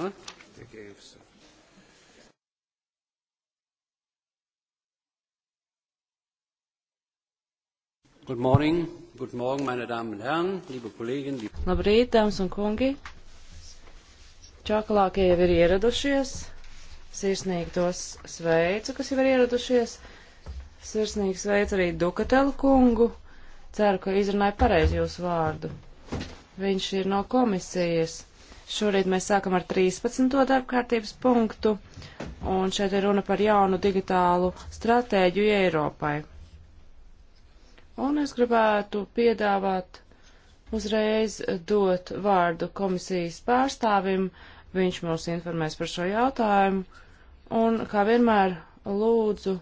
Huh? They gave some. Good morning, good morning, meine Damen und Herren, liebe Kolleginnen, liebe Labrīt, dāmas un kungi. Čakalākie jau ir ieradušies. Sirsnīgi tos sveicu, kas jau ir ieradušies. Sirsnīgi sveicu arī Dukatelu kungu. Ceru, ka izrunāju pareizi jūsu vārdu. Viņš ir no komisijas Šorīt mēs sākam ar 13. darbkārtības punktu, un šeit ir runa par jaunu digitālu stratēģiju Eiropai. Un es gribētu piedāvāt uzreiz dot vārdu komisijas pārstāvim, viņš mūs informēs par šo jautājumu, un kā vienmēr lūdzu,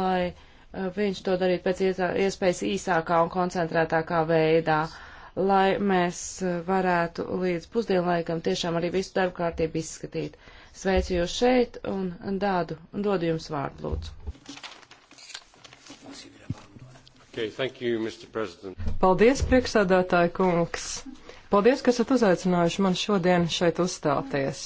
lai eh, viņš to darītu pēc iespējas īsākā un koncentrētākā veidā. Uh, lai mēs eh, varētu līdz pusdienlaikam tiešām arī visu darbu kārtību izskatīt. Sveicu jūs šeit un dādu, un dodu jums vārdu, lūdzu. Okay, thank you, Mr. President. Paldies, priekšsādātāja kungs. Paldies, ka esat uzaicinājuši man šodien šeit uzstāties.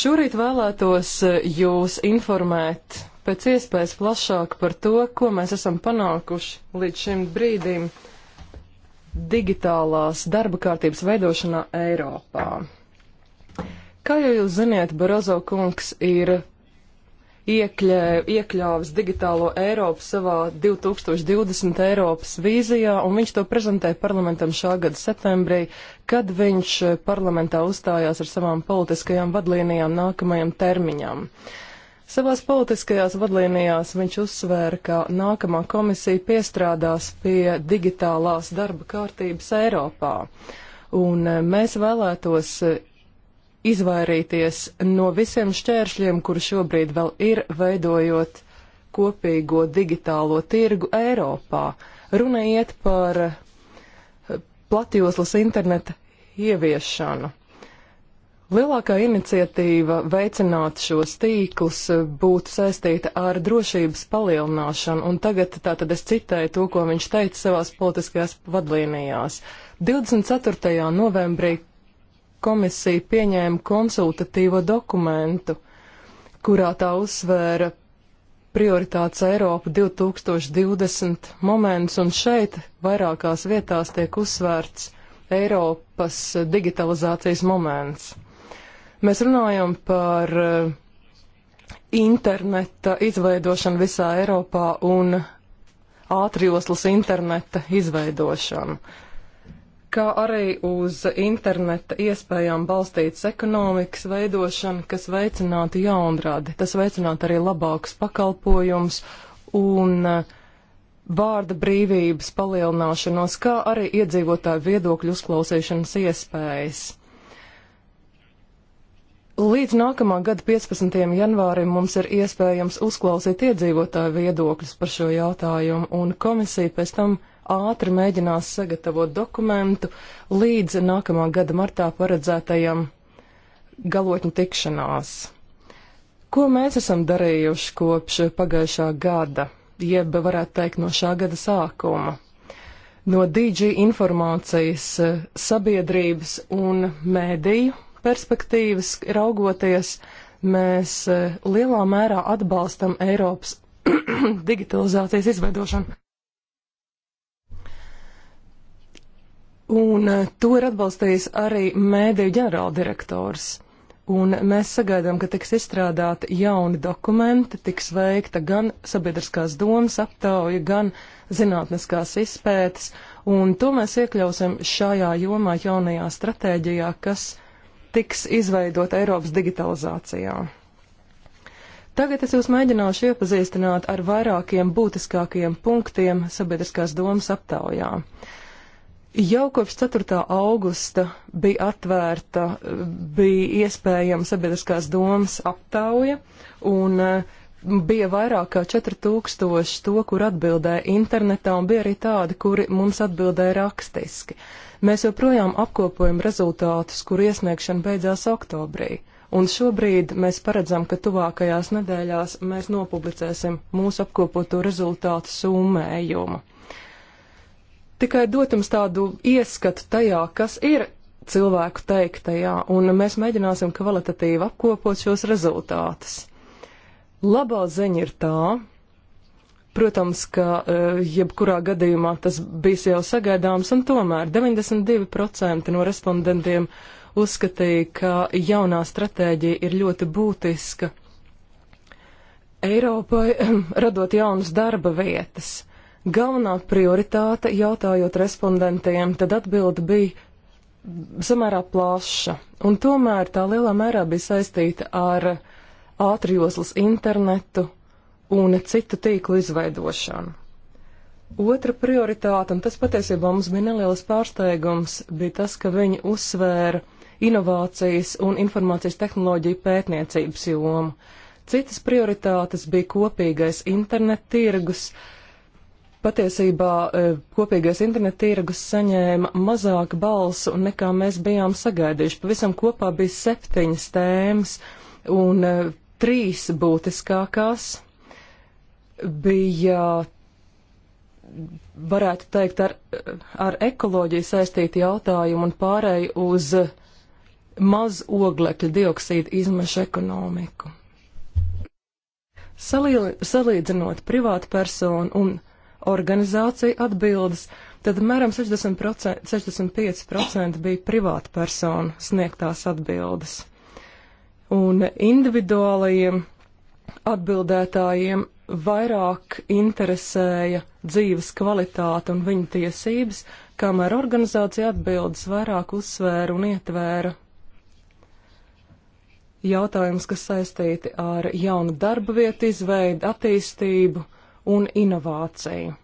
Šorīt vēlētos eh, jūs informēt pēc iespējas plašāk par to, ko mēs esam panākuši līdz šim brīdim digitālās darba kārtības veidošanā Eiropā. Kā jau jūs ziniet, Barozo kungs ir iekļē, iekļāvis digitālo Eiropu savā 2020 Eiropas vīzijā, un viņš to prezentēja parlamentam šā gada septembrī, kad viņš eh, parlamentā uzstājās ar savām politiskajām vadlīnijām nākamajam termiņam. Uh, Savās politiskajās vadlīnijās viņš uzsvēra, ka nākamā komisija piestrādās pie digitālās darba kārtības Eiropā, un e, mēs vēlētos e, izvairīties no visiem šķēršļiem, kuri šobrīd vēl ir veidojot kopīgo digitālo tirgu Eiropā. Runa iet par e, platjoslas interneta ieviešanu. Lielākā iniciatīva veicināt šos tīklus eh, būtu saistīta ar drošības palielināšanu, un tagad tātad es citēju to, ko viņš teica savās politiskajās vadlīnijās. 24. novembrī komisija pieņēma konsultatīvo dokumentu, kurā tā uzsvēra prioritātes Eiropa 2020 moments, un šeit vairākās vietās tiek uzsvērts Eiropas digitalizācijas moments. Mēs runājam par eh, interneta izveidošanu visā Eiropā un ātrjoslas interneta izveidošanu, kā arī uz interneta iespējām balstītas ekonomikas veidošanu, kas veicinātu jaunradi, tas veicinātu arī labākus pakalpojumus un eh, vārda brīvības palielināšanos, kā arī iedzīvotāju viedokļu uzklausīšanas iespējas. Līdz nākamā gada 15. janvārim mums ir iespējams uzklausīt iedzīvotāju viedokļus par šo jautājumu, un komisija pēc tam ātri mēģinās sagatavot dokumentu līdz nākamā gada martā paredzētajam galotņu tikšanās. Ko mēs esam darījuši kopš pagājušā gada, jeb varētu teikt no šā gada sākuma? No DG informācijas eh, sabiedrības un mēdīju perspektīvas raugoties, mēs e, lielā mērā atbalstam Eiropas digitalizācijas izveidošanu. Un e, to ir atbalstījis arī mēdīju ģenerāldirektors. Un mēs sagaidām, ka tiks izstrādāti jauni dokumenti, tiks veikta gan sabiedriskās domas aptauja, gan zinātniskās izpētes, un to mēs iekļausim šajā jomā jaunajā stratēģijā, kas tiks izveidot Eiropas digitalizācijā. Tagad es jūs mēģināšu iepazīstināt ar vairākiem būtiskākajiem punktiem sabiedriskās domas aptaujā. Jau kopš 4. augusta bija atvērta, bija iespējama sabiedriskās domas aptauja, un eh, bija vairāk kā 4000 to, kur atbildēja internetā, un bija arī tādi, kuri mums atbildēja rakstiski. Uh, Mēs joprojām apkopojam rezultātus, kur iesniegšana beidzās oktobrī, un šobrīd mēs paredzam, ka tuvākajās nedēļās mēs nopublicēsim mūsu apkopoto rezultātu summējumu. Tikai dot jums tādu ieskatu tajā, kas ir cilvēku teiktajā, un mēs mēģināsim kvalitatīvi apkopot šos rezultātus. Labā ziņa ir tā, Protams, ka eh, jebkurā gadījumā tas bija jau sagaidāms, un tomēr 92% no respondentiem uzskatīja, ka jaunā stratēģija ir ļoti būtiska Eiropai, radot jaunas darba vietas. Galvenā prioritāte, jautājot respondentiem, tad atbilde bija samērā plaša, un tomēr tā lielā mērā bija saistīta ar ātrjoslas internetu, un citu tīklu izveidošanu. Otra prioritāte, un tas patiesībā mums bija neliels pārsteigums, bija tas, ka viņi uzsvēra inovācijas un informācijas tehnoloģiju pētniecības jomu. Citas prioritātes bija kopīgais internet tirgus. Patiesībā e, kopīgais internet tirgus saņēma mazāk balsu nekā mēs bijām sagaidījuši. Pavisam kopā bija septiņas tēmas un e, trīs būtiskākās bija, varētu teikt, ar, ar ekoloģiju saistīti jautājumi un pārēju uz maz oglekļa dioksīda izmešu ekonomiku. Salīl, salīdzinot privātu personu un organizāciju atbildes, tad apmēram 65% bija privāta persona sniegtās atbildes. Un individuālajiem atbildētājiem vairāk interesēja dzīves kvalitāte un viņa tiesības, kamēr organizācija atbildes vairāk uzsvēra un ietvēra jautājumus, kas saistīti ar jaunu darba vietu izveidu, attīstību un inovāciju.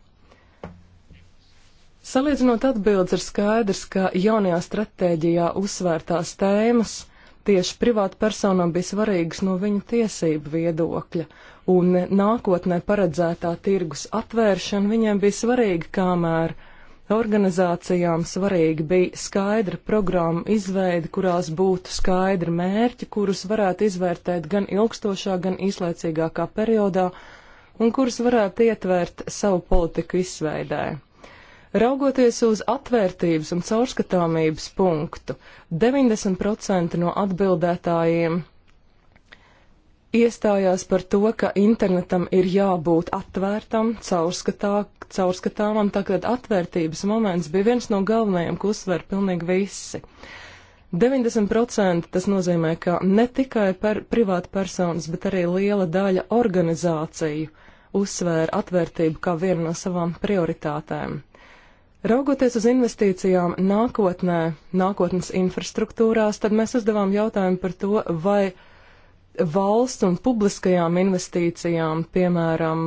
Salīdzinot atbildes ir skaidrs, ka jaunajā stratēģijā uzsvērtās tēmas tieši privātpersonām bija svarīgas no viņu tiesību viedokļa, un nākotnē paredzētā tirgus atvēršana viņiem bija svarīga, kamēr organizācijām svarīgi bija skaidra programma izveida, kurās būtu skaidri mērķi, kurus varētu izvērtēt gan ilgstošā, gan īslaicīgākā periodā, un kurus varētu ietvērt savu politiku izveidē. Raugoties uz atvērtības un caurskatāmības punktu, 90% no atbildētājiem iestājās par to, ka internetam ir jābūt atvērtam, caurskatā, caurskatāmam, tā kā atvērtības moments bija viens no galvenajiem, ko uzsver pilnīgi visi. 90% tas nozīmē, ka ne tikai par privātu personas, bet arī liela daļa organizāciju uzsvēra atvērtību kā vienu no savām prioritātēm. Raugoties uz investīcijām nākotnē, nākotnes infrastruktūrās, tad mēs uzdevām jautājumu par to, vai valsts un publiskajām investīcijām, piemēram,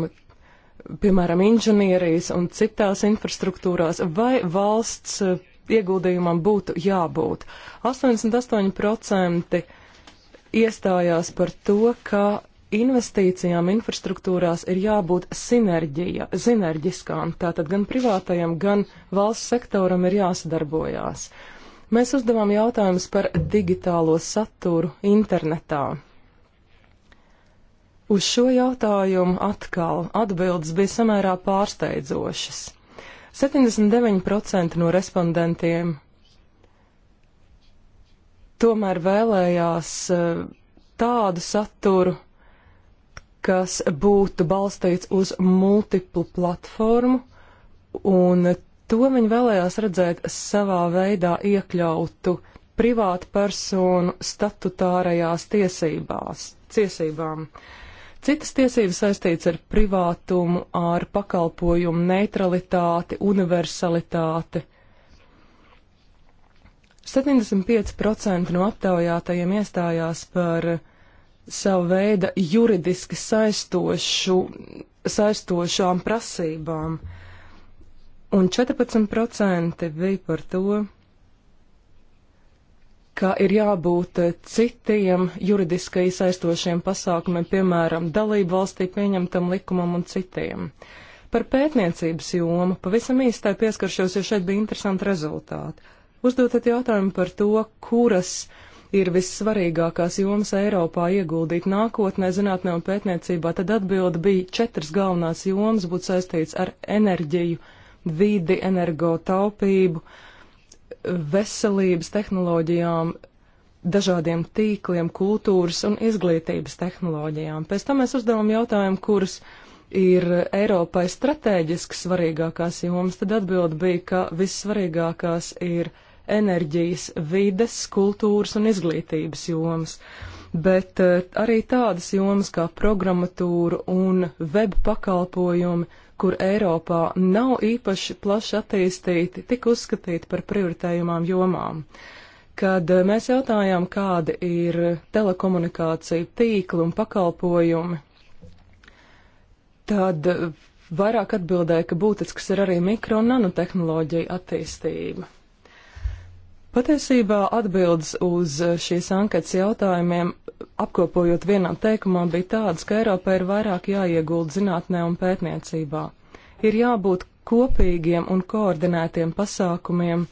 piemēram inženierijas un citās infrastruktūrās, vai valsts eh, ieguldījumam būtu jābūt. 88% iestājās par to, ka investīcijām infrastruktūrās ir jābūt sinerģija, sinerģiskām, tātad gan privātajam, gan valsts sektoram ir jāsadarbojās. Mēs uzdevām jautājumus par digitālo saturu internetā. Uz šo jautājumu atkal atbildes bija samērā pārsteidzošas. 79% no respondentiem tomēr vēlējās eh, tādu saturu, kas būtu balstīts uz multiplu platformu, un to viņi vēlējās redzēt savā veidā iekļautu privātu personu statutārajās tiesībās, tiesībām. Uh, Citas tiesības saistīts ar privātumu, ar pakalpojumu neutralitāti, universalitāti. 75% no aptaujātajiem iestājās par savu veidu juridiski saistošu, saistošām prasībām, un 14% bija par to, ka ir jābūt citiem juridiski saistošiem pasākumiem, piemēram, dalību valstī pieņemtam likumam un citiem. Par pētniecības jomu pavisam īstai pieskaršos, jo šeit bija interesanti rezultāti. Uzdotat jautājumu par to, kuras ir vissvarīgākās jomas Eiropā ieguldīt nākotnē zinātnē un pētniecībā, tad atbilde bija četras galvenās jomas būtu saistīts ar enerģiju, vidi, energo taupību, uh, veselības tehnoloģijām, dažādiem tīkliem, kultūras un izglītības tehnoloģijām. Pēc tam mēs uzdevām jautājumu, kuras ir Eiropai strateģiski svarīgākās jomas, tad atbildi bija, ka vissvarīgākās ir enerģijas, vides, kultūras un izglītības jomas. Bet eh, arī tādas jomas kā programmatūra un web pakalpojumi kur Eiropā nav īpaši plaši attīstīti, tika uzskatīti par prioritējumām jomām. Kad mēs jautājām, kāda ir telekomunikācija tīkla un pakalpojumi, tad vairāk atbildēja, ka būtisks ir arī mikro un nanotehnoloģija attīstība. Patiesībā atbildes uz šīs anketas jautājumiem apkopojot vienā teikumā, bija tādas, ka Eiropai ir vairāk jāiegulda zinātnē un pētniecībā. Ir jābūt kopīgiem un koordinētiem pasākumiem,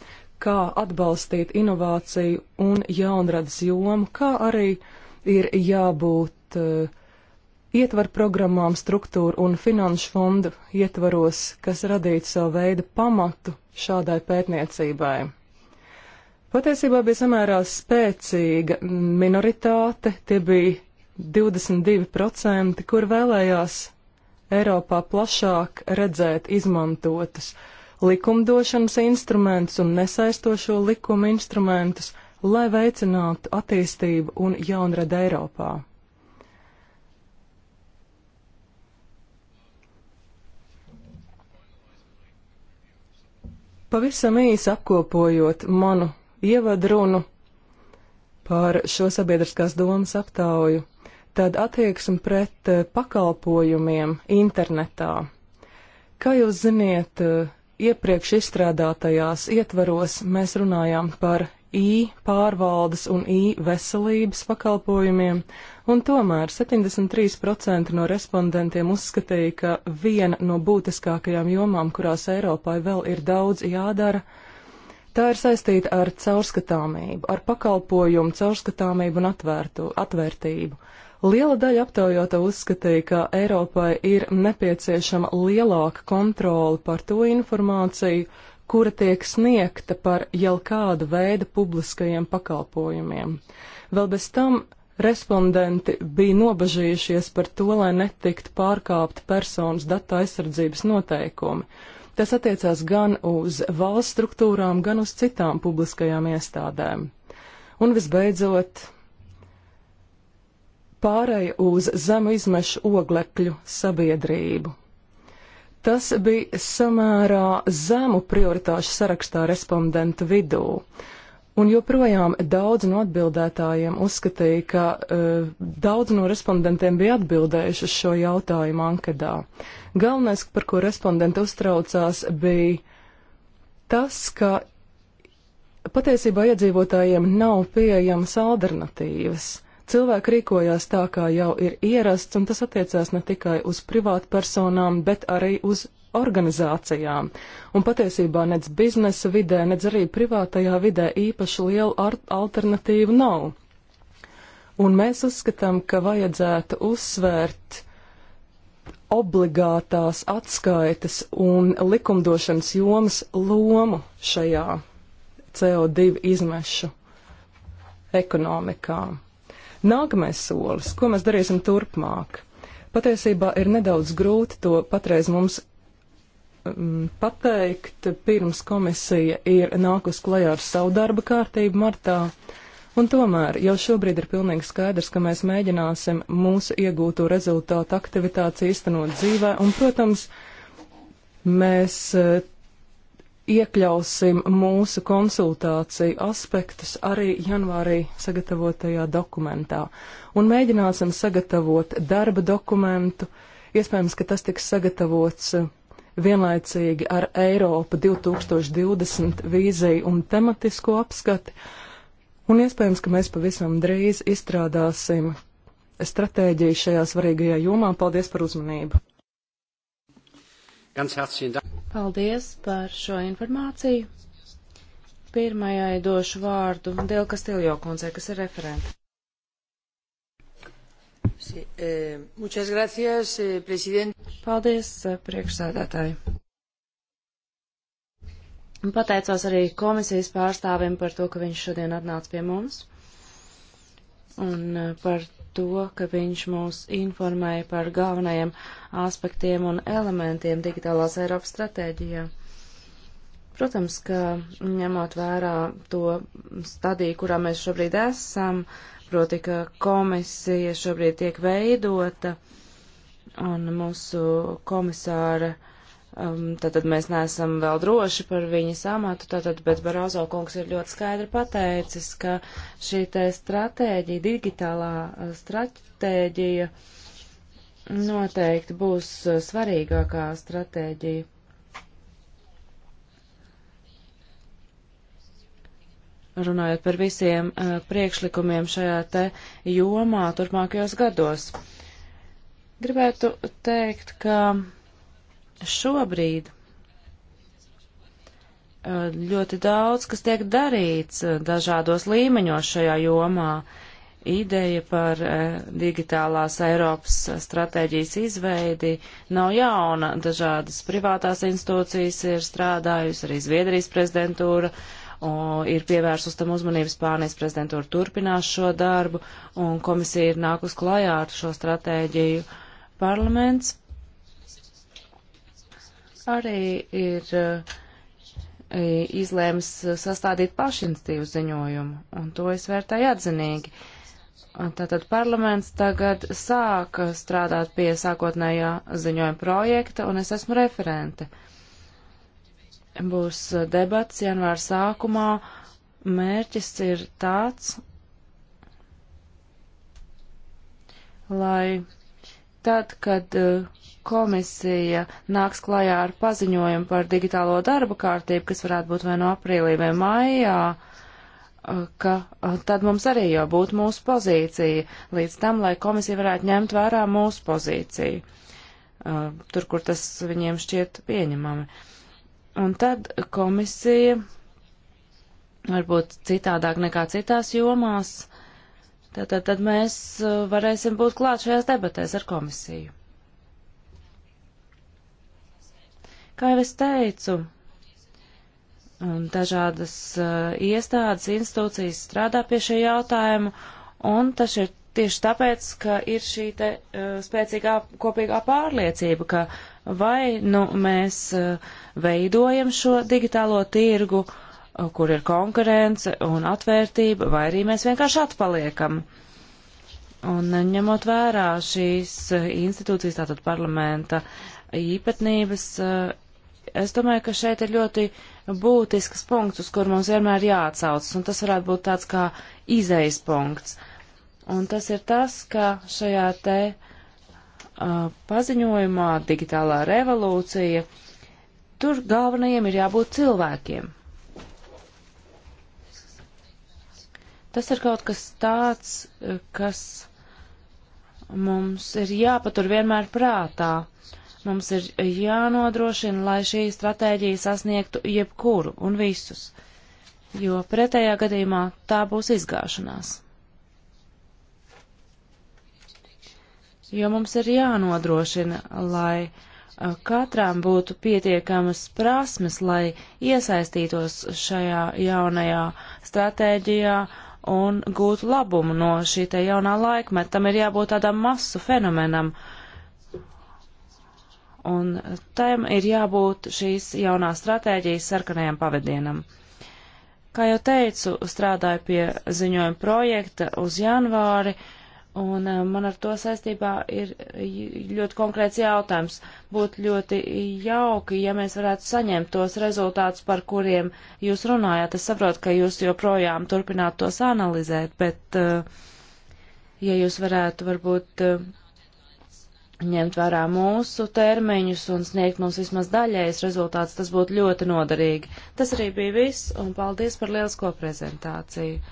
kā atbalstīt inovāciju un jaunradas jomu, kā arī ir jābūt uh, eh, ietvaru programmām, struktūru un finanšu fondu ietvaros, kas radītu savu veidu pamatu šādai pētniecībai. Patiesībā bija samērā spēcīga minoritāte, tie bija 22%, kur vēlējās Eiropā plašāk redzēt izmantotus likumdošanas instrumentus un nesaistošo likumu instrumentus, lai veicinātu attīstību un jaunrad Eiropā. Pavisam īsi apkopojot manu ievadrunu par šo sabiedriskās domas aptauju, tad attieksme pret eh, pakalpojumiem internetā. Kā jūs ziniet, eh, iepriekš izstrādātajās ietvaros mēs runājām par I pārvaldes un I veselības pakalpojumiem, un tomēr 73% no respondentiem uzskatīja, ka viena no būtiskākajām jomām, kurās Eiropai vēl ir daudz jādara, ir Tā ir saistīta ar caurskatāmību, ar pakalpojumu caurskatāmību un atvērtu, atvērtību. Liela daļa aptaujāta uzskatīja, ka Eiropai ir nepieciešama lielāka kontrola par to informāciju, kura tiek sniegta par jau kādu veidu publiskajiem pakalpojumiem. Vēl bez tam respondenti bija nobažījušies par to, lai netiktu pārkāpta personas data aizsardzības noteikumi Tas attiecās gan uz valsts struktūrām, gan uz citām publiskajām iestādēm. Un visbeidzot, pārēja uz zemu izmešu oglekļu sabiedrību. Tas bija samērā zemu prioritāšu sarakstā respondentu vidū, Un joprojām daudz no atbildētājiem uzskatīja, ka uh, daudz no respondentiem bija atbildējuši uz šo jautājumu anketā. Galvenais, par ko respondenti uztraucās, bija tas, ka patiesībā iedzīvotājiem nav pieejamas alternatīvas. Cilvēki rīkojās tā, kā jau ir ierasts, un tas attiecās ne tikai uz privātpersonām, bet arī uz organizācijām, un patiesībā nec biznesa vidē, nec arī privātajā vidē īpaši lielu alternatīvu nav. Un mēs uzskatām, ka vajadzētu uzsvērt obligātās atskaites un likumdošanas jomas lomu šajā CO2 izmešu ekonomikā. Nākamais solis, ko mēs darīsim turpmāk, patiesībā ir nedaudz grūti to patreiz mums Um, pateikt, pirms komisija ir nākus klajā ar savu darba kārtību martā. Un tomēr jau šobrīd ir pilnīgi skaidrs, ka mēs mēģināsim mūsu iegūto rezultātu aktivitātes īstenot dzīvē, un, protams, mēs eh, iekļausim mūsu konsultāciju aspektus arī janvārī sagatavotajā dokumentā, un mēģināsim sagatavot darba dokumentu, iespējams, ka tas tiks sagatavots vienlaicīgi ar Eiropa 2020 vīziju un tematisko apskati. Un iespējams, ka mēs pavisam drīz izstrādāsim stratēģiju šajā svarīgajā jomā. Paldies par uzmanību! Paldies par šo informāciju. Pirmajai došu vārdu Dēlka Stiljo kundzei, kas ir referenta. Eh, muchas gracias, eh, prezident. Paldies, eh, priekšsēdētāji. Pateicos arī komisijas pārstāvim par to, ka viņš šodien atnāca pie mums un par to, ka viņš mūs informēja par galvenajiem aspektiem un elementiem digitālās Eiropas stratēģijā. Protams, ka ņemot vērā to stadiju, kurā mēs šobrīd esam, uh, proti, ka komisija šobrīd tiek veidota un mūsu komisāra, um, tātad mēs neesam vēl droši par viņas amatu, tātad, bet Barozo kungs ir ļoti skaidri pateicis, ka šī te stratēģija, digitālā uh, stratēģija noteikti būs uh, svarīgākā stratēģija. runājot par visiem uh, priekšlikumiem šajā te jomā turpmākajos gados. Gribētu teikt, ka šobrīd uh, ļoti daudz, kas tiek darīts uh, dažādos līmeņos šajā jomā, ideja par digitālās Eiropas stratēģijas izveidi nav jauna. Dažādas privātās institūcijas ir strādājusi, arī Zviedrijas prezidentūra, uh, un ir pievērsus tam uzmanību Spānijas prezidentūra turpinās šo darbu, un komisija ir nākus klajā ar šo stratēģiju. Parlaments arī ir e, izlēmis sastādīt pašinstīvu ziņojumu, un to es vērtēju atzinīgi. Tātad parlaments tagad sāk strādāt pie sākotnējā ziņojuma projekta, un es esmu referente. Uh, būs eh, debats janvāra sākumā. Mērķis ir tāds, lai tad, kad eh, komisija nāks klajā ar paziņojumu par digitālo darba kārtību, kas varētu būt vai no aprīlī vai maijā, eh, ka tad mums arī jau būtu mūsu pozīcija līdz tam, lai komisija varētu ņemt vērā mūsu pozīciju, tur, kur tas viņiem šķiet pieņemami. Uh, Un tad komisija, varbūt citādāk nekā citās jomās, tātad tad mēs uh, varēsim būt klāt šajās debatēs ar komisiju. Kā jau es teicu, um, dažādas uh, iestādes, institūcijas strādā pie šī jautājuma, un tas ir tieši tāpēc, ka ir šī te uh, spēcīgā kopīgā pārliecība, ka vai nu mēs eh, veidojam šo digitālo tirgu, eh, kur ir konkurence un atvērtība, vai arī mēs vienkārši atpaliekam. Un eh, ņemot vērā šīs institūcijas, tātad parlamenta īpatnības, es domāju, ka šeit ir ļoti būtisks punkts, uz kur mums vienmēr jāatsaucas, un tas varētu būt tāds kā izejas punkts. Un tas ir tas, ka šajā te uh, paziņojumā Digitālā revolūcija, tur galvenajiem ir jābūt cilvēkiem. Tas ir kaut kas tāds, kas mums ir jāpatur vienmēr prātā. Mums ir jānodrošina, lai šī stratēģija sasniegtu jebkuru un visus, jo pretējā gadījumā tā būs izgāšanās. jo mums ir jānodrošina, lai uh, katram būtu pietiekamas prasmes, lai iesaistītos šajā jaunajā stratēģijā un gūtu labumu no šī te jaunā laikmeta. Tam ir jābūt tādam masu fenomenam. Un tam ir jābūt šīs jaunās stratēģijas sarkanajam pavadienam. Kā jau teicu, strādāju pie ziņojuma projekta uz janvāri. Uh, Un eh, man ar to saistībā ir ļoti konkrēts jautājums. Būtu ļoti jauki, ja mēs varētu saņemt tos rezultātus, par kuriem jūs runājāt. Es saprotu, ka jūs joprojām turpināt tos analizēt, bet eh, ja jūs varētu varbūt eh, ņemt vērā mūsu termiņus un sniegt mums vismaz daļējs rezultāts, tas būtu ļoti noderīgi. Tas arī bija viss, un paldies par lielisko prezentāciju.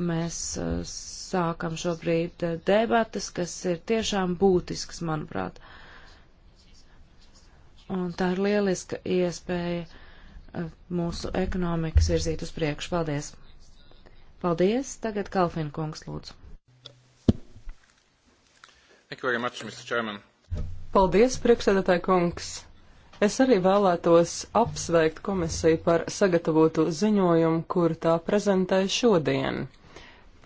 Mēs eh, sākam šobrīd eh, debatas, kas ir tiešām būtiskas, manuprāt. Un tā ir lieliska iespēja eh, mūsu ekonomikas virzīt uz priekšu. Paldies! Paldies! Tagad Kalfin kungs lūdzu. Thank you very much, Mr. Chairman. Paldies, priekšsēdētāji kungs! Es arī vēlētos apsveikt komisiju par sagatavotu ziņojumu, kur tā prezentē šodien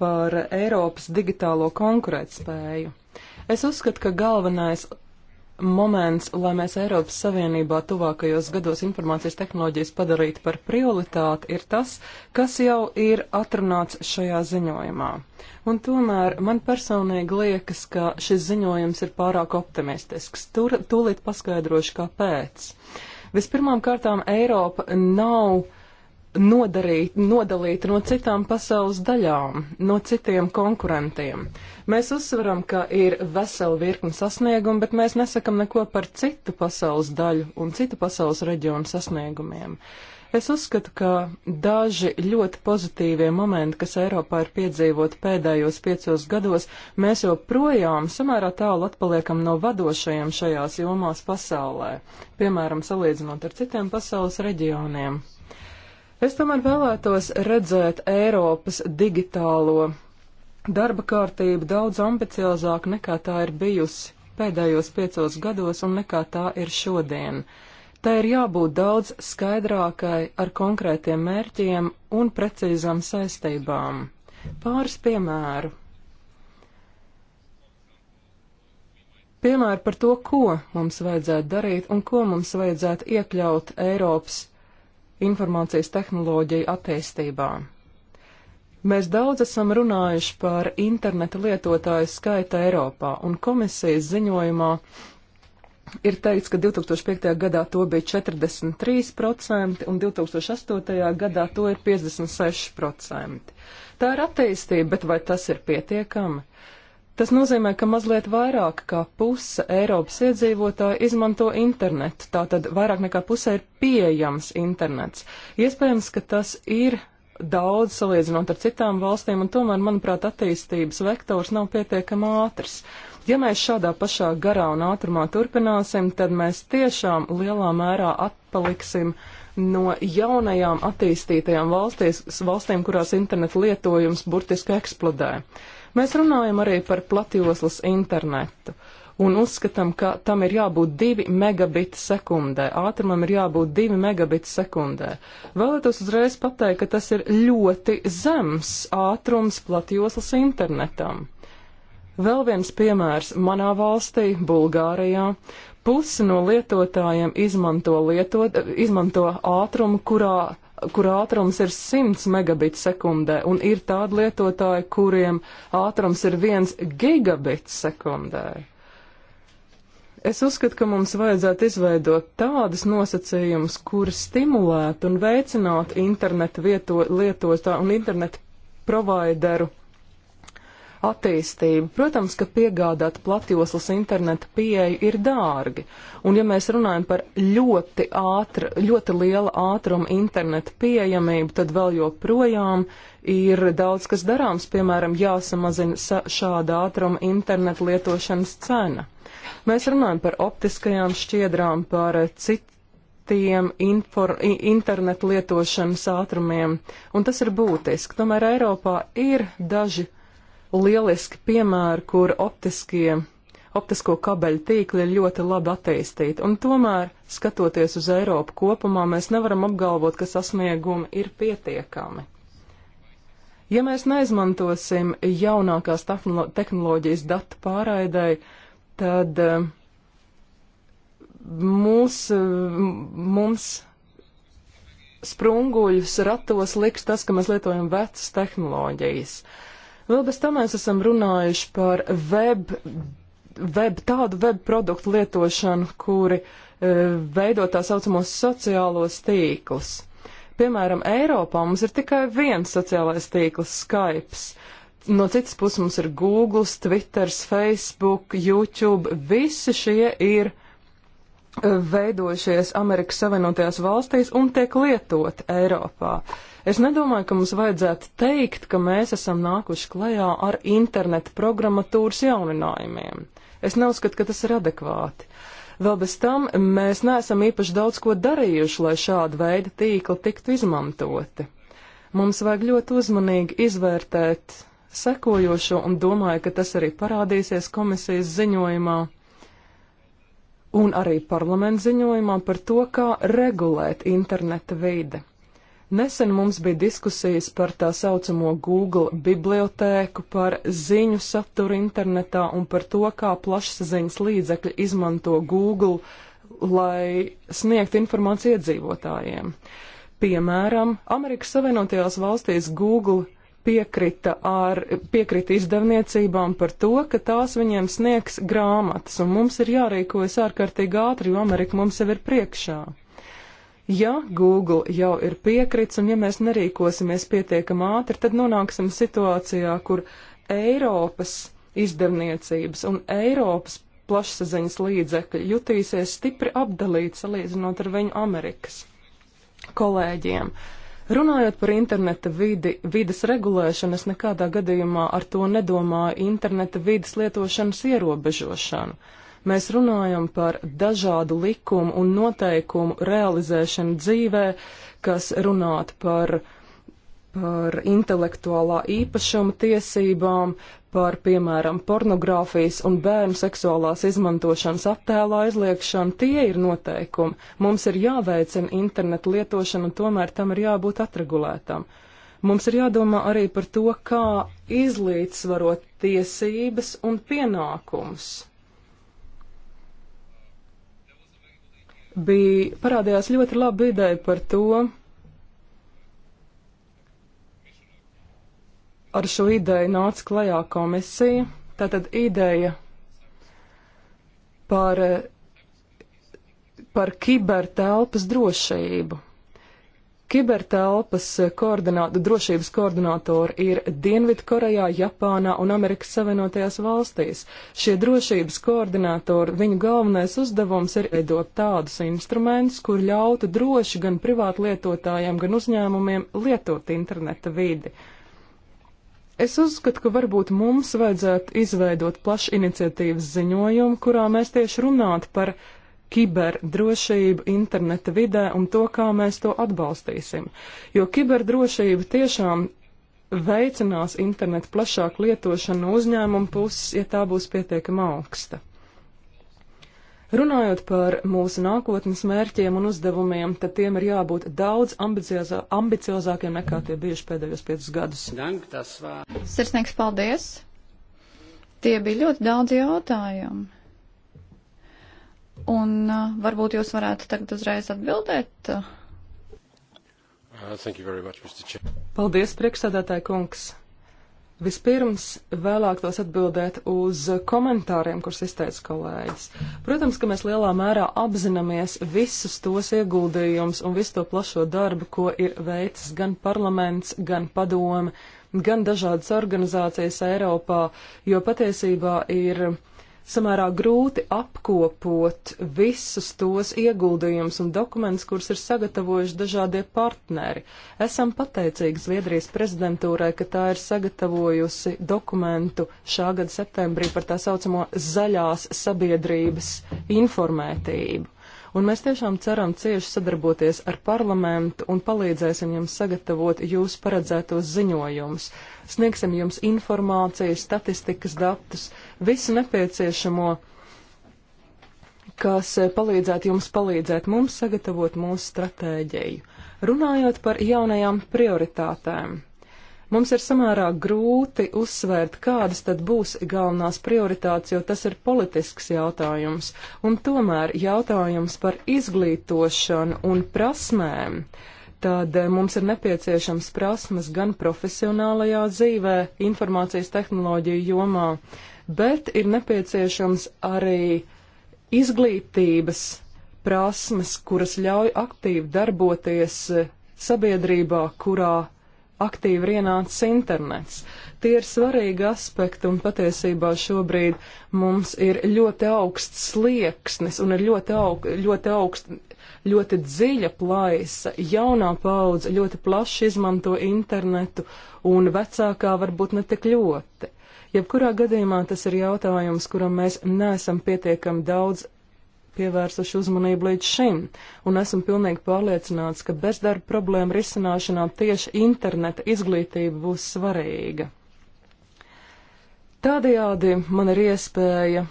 par Eiropas digitālo konkurētspēju. Es uzskatu, ka galvenais moments, lai mēs Eiropas Savienībā tuvākajos gados informācijas tehnoloģijas padarītu par prioritāti, ir tas, kas jau ir atrunāts šajā ziņojumā. Un tomēr man personīgi liekas, ka šis ziņojums ir pārāk optimistisks. Tur tūlīt paskaidrošu, kāpēc. Vispirmām kārtām Eiropa nav nodarīt, nodalīta no citām pasaules daļām, no citiem konkurentiem. Mēs uzsveram, ka ir vesela virkni sasniegumu, bet mēs nesakam neko par citu pasaules daļu un citu pasaules reģionu sasniegumiem. Es uzskatu, ka daži ļoti pozitīvie momenti, kas Eiropā ir piedzīvot pēdējos piecos gados, mēs joprojām samērā tālu atpaliekam no vadošajiem šajās jomās pasaulē, piemēram, salīdzinot ar citiem pasaules reģioniem. Es tomēr vēlētos redzēt Eiropas digitālo darba kārtību daudz ambiciozāk nekā tā ir bijusi pēdējos piecos gados un nekā tā ir šodien. Tā ir jābūt daudz skaidrākai ar konkrētiem mērķiem un precīzām saistībām. Pāris piemēru. Piemēri par to, ko mums vajadzētu darīt un ko mums vajadzētu iekļaut Eiropas informācijas tehnoloģiju attīstībā. Mēs daudz esam runājuši par interneta lietotāju skaitu Eiropā, un komisijas ziņojumā ir teikts, ka 2005. gadā to bija 43% un 2008. gadā to ir 56%. Tā ir attīstība, bet vai tas ir pietiekami? Tas nozīmē, ka mazliet vairāk kā puse Eiropas iedzīvotāji izmanto internetu, tātad vairāk nekā puse ir pieejams internets. Iespējams, ka tas ir daudz salīdzinot ar citām valstīm, un tomēr, manuprāt, attīstības vektors nav pietiekami ātrs. Ja mēs šādā pašā garā un ātrumā turpināsim, tad mēs tiešām lielā mērā atpaliksim no jaunajām attīstītajām valstīs, valstīm, kurās interneta lietojums burtiski eksplodē. Mēs runājam arī par platjoslas internetu un uzskatām, ka tam ir jābūt 2 megabiti sekundē. Ātrumam ir jābūt 2 megabiti sekundē. Vēlētos uzreiz pateikt, ka tas ir ļoti zems ātrums platjoslas internetam. Vēl viens piemērs manā valstī, Bulgārijā. Pusi no lietotājiem izmanto, lietot, izmanto ātrumu, kurā kur ātrums ir 100 megabits sekundē, un ir tādi lietotāji, kuriem ātrums ir 1 gigabits sekundē. Es uzskatu, ka mums vajadzētu izveidot tādas nosacījumus, kuras stimulētu un veicinātu internetu vieto, lietotā un internetu provideru attīstību. Protams, ka piegādāt platjoslas interneta pieeju ir dārgi, un ja mēs runājam par ļoti ātra, ļoti liela ātruma interneta pieejamību, tad vēl joprojām ir daudz kas darāms, piemēram, jāsamazina šāda ātruma interneta lietošanas cena. Mēs runājam par optiskajām šķiedrām, par citu tiem infor, internetu lietošanas ātrumiem, un tas ir būtiski. Tomēr Eiropā ir daži lieliski piemēri, kur optiskie, optisko kabeļu tīkli ir ļoti labi attīstīti. Un tomēr, skatoties uz Eiropu kopumā, mēs nevaram apgalvot, ka sasniegumi ir pietiekami. Ja mēs neizmantosim jaunākās tehnoloģijas datu pārraidai, tad eh, mūs, eh, mums sprunguļus ratos liks tas, ka mēs lietojam vecas tehnoloģijas. Uh, Vēl nu, bez tam mēs esam runājuši par web, web tādu web produktu lietošanu, kuri e, veido tā saucamos sociālos tīklus. Piemēram, Eiropā mums ir tikai viens sociālais tīkls - Skype. No citas puses mums ir Google, Twitter, Facebook, YouTube. Visi šie ir e, veidojušies Amerikas Savienotajās valstīs un tiek lietoti Eiropā. Uh, Es nedomāju, ka mums vajadzētu teikt, ka mēs esam nākuši klajā ar internetu programmatūras jauninājumiem. Es neuzskatu, ka tas ir adekvāti. Vēl bez tam mēs neesam īpaši daudz ko darījuši, lai šāda veida tīkli tiktu izmantoti. Mums vajag ļoti uzmanīgi izvērtēt sekojošo un domāju, ka tas arī parādīsies komisijas ziņojumā un arī parlamenta ziņojumā par to, kā regulēt interneta vide. Nesen mums bija diskusijas par tā saucamo Google bibliotēku, par ziņu saturu internetā un par to, kā plašsaziņas līdzekļi izmanto Google, lai sniegtu informāciju iedzīvotājiem. Piemēram, Amerikas Savienotajās valstīs Google piekrita, ar, piekrita izdevniecībām par to, ka tās viņiem sniegs grāmatas, un mums ir jārīkojas ārkārtīgi ātri, jo Amerika mums jau ir priekšā. Ja Google jau ir piekrits un ja mēs nerīkosimies pietiekam ātri, tad nonāksim situācijā, kur Eiropas izdevniecības un Eiropas plašsaziņas līdzekļi jutīsies stipri apdalīti salīdzinot ar viņu Amerikas kolēģiem. Runājot par interneta vidi, vidas regulēšanu, es nekādā gadījumā ar to nedomāju interneta vidas lietošanas ierobežošanu. Mēs runājam par dažādu likumu un noteikumu realizēšanu dzīvē, kas runātu par, par intelektuālā īpašuma tiesībām, par, piemēram, pornogrāfijas un bērnu seksuālās izmantošanas attēlā aizliekšanu, tie ir noteikumi. Mums ir jāveicina internetu lietošana, un tomēr tam ir jābūt atregulētam. Mums ir jādomā arī par to, kā izlīdzsvarot tiesības un pienākumus. bija parādījās ļoti laba ideja par to, ar šo ideju nāca klajā komisija. Tātad ideja par, par kibertelpas drošību. Kibertelpas koordināta, drošības koordinātori ir Dienvidkorejā, Japānā un Amerikas Savienotajās valstīs. Šie drošības koordinātori, viņu galvenais uzdevums ir veidot tādus instrumentus, kur ļautu droši gan privātlietotājiem, gan uzņēmumiem lietot interneta vidi. Es uzskatu, ka varbūt mums vajadzētu izveidot plašu iniciatīvas ziņojumu, kurā mēs tieši runātu par kiberdrošību interneta vidē un to, kā mēs to atbalstīsim. Jo kiberdrošība tiešām veicinās internetu plašāku lietošanu no uzņēmumu puses, ja tā būs pietiekama augsta. Runājot par mūsu nākotnes mērķiem un uzdevumiem, tad tiem ir jābūt daudz ambiciozā, ambiciozākiem nekā tie bijuši pēdējos piecus gadus. Sirsnīgs paldies! Tie bija ļoti daudz jautājumu. Un uh, varbūt jūs varētu tagad uzreiz atbildēt. Uh, much, Paldies, priekšsēdētāji kungs. Vispirms vēlētos atbildēt uz komentāriem, kurus izteica kolēģis. Protams, ka mēs lielā mērā apzināmies visus tos ieguldījumus un visu to plašo darbu, ko ir veicis gan parlaments, gan padome, gan dažādas organizācijas Eiropā, jo patiesībā ir samērā grūti apkopot visus tos ieguldījumus un dokumentus, kurus ir sagatavojuši dažādie partneri. Esam pateicīgi Zviedrijas prezidentūrai, ka tā ir sagatavojusi dokumentu šā gada septembrī par tā saucamo zaļās sabiedrības informētību un mēs tiešām ceram cieši sadarboties ar parlamentu un palīdzēsim jums sagatavot jūsu paredzētos ziņojumus sniegsim jums informāciju, statistikas datus, visu nepieciešamo, kas eh, palīdzētu jums palīdzēt mums sagatavot mūsu stratēģiju. Runājot par jaunajām prioritātēm. Mums ir samērā grūti uzsvērt, kādas tad būs galvenās prioritātes, jo tas ir politisks jautājums. Un tomēr jautājums par izglītošanu un prasmēm tad eh, mums ir nepieciešams prasmes gan profesionālajā dzīvē, informācijas tehnoloģiju jomā, bet ir nepieciešams arī izglītības prasmes, kuras ļauj aktīvi darboties eh, sabiedrībā, kurā aktīvi ir ienācis internets. Tie ir svarīgi aspekti, un patiesībā šobrīd mums ir ļoti augsts slieksnis un ir ļoti, aug, ļoti augsts ļoti dziļa plaisa. Jaunā paudze ļoti plaši izmanto internetu, un vecākā varbūt ne tik ļoti. Jebkurā gadījumā tas ir jautājums, kuram mēs neesam pietiekami daudz pievērsuši uzmanību līdz šim, un esmu pilnīgi pārliecināts, ka bezdarba problēma risināšanā tieši interneta izglītība būs svarīga. Tādējādi man ir iespēja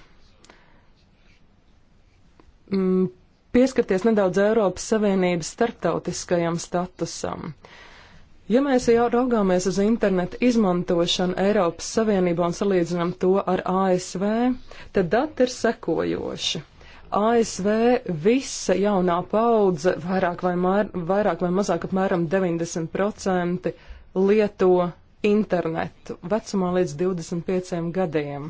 mm, pieskarties nedaudz Eiropas Savienības starptautiskajam statusam. Ja mēs jau raugāmies uz internetu izmantošanu Eiropas Savienībā un salīdzinām to ar ASV, tad dati ir sekojoši. ASV visa jaunā paudze, vairāk vai, mār, vairāk vai mazāk apmēram 90% lieto internetu vecumā līdz 25 gadiem.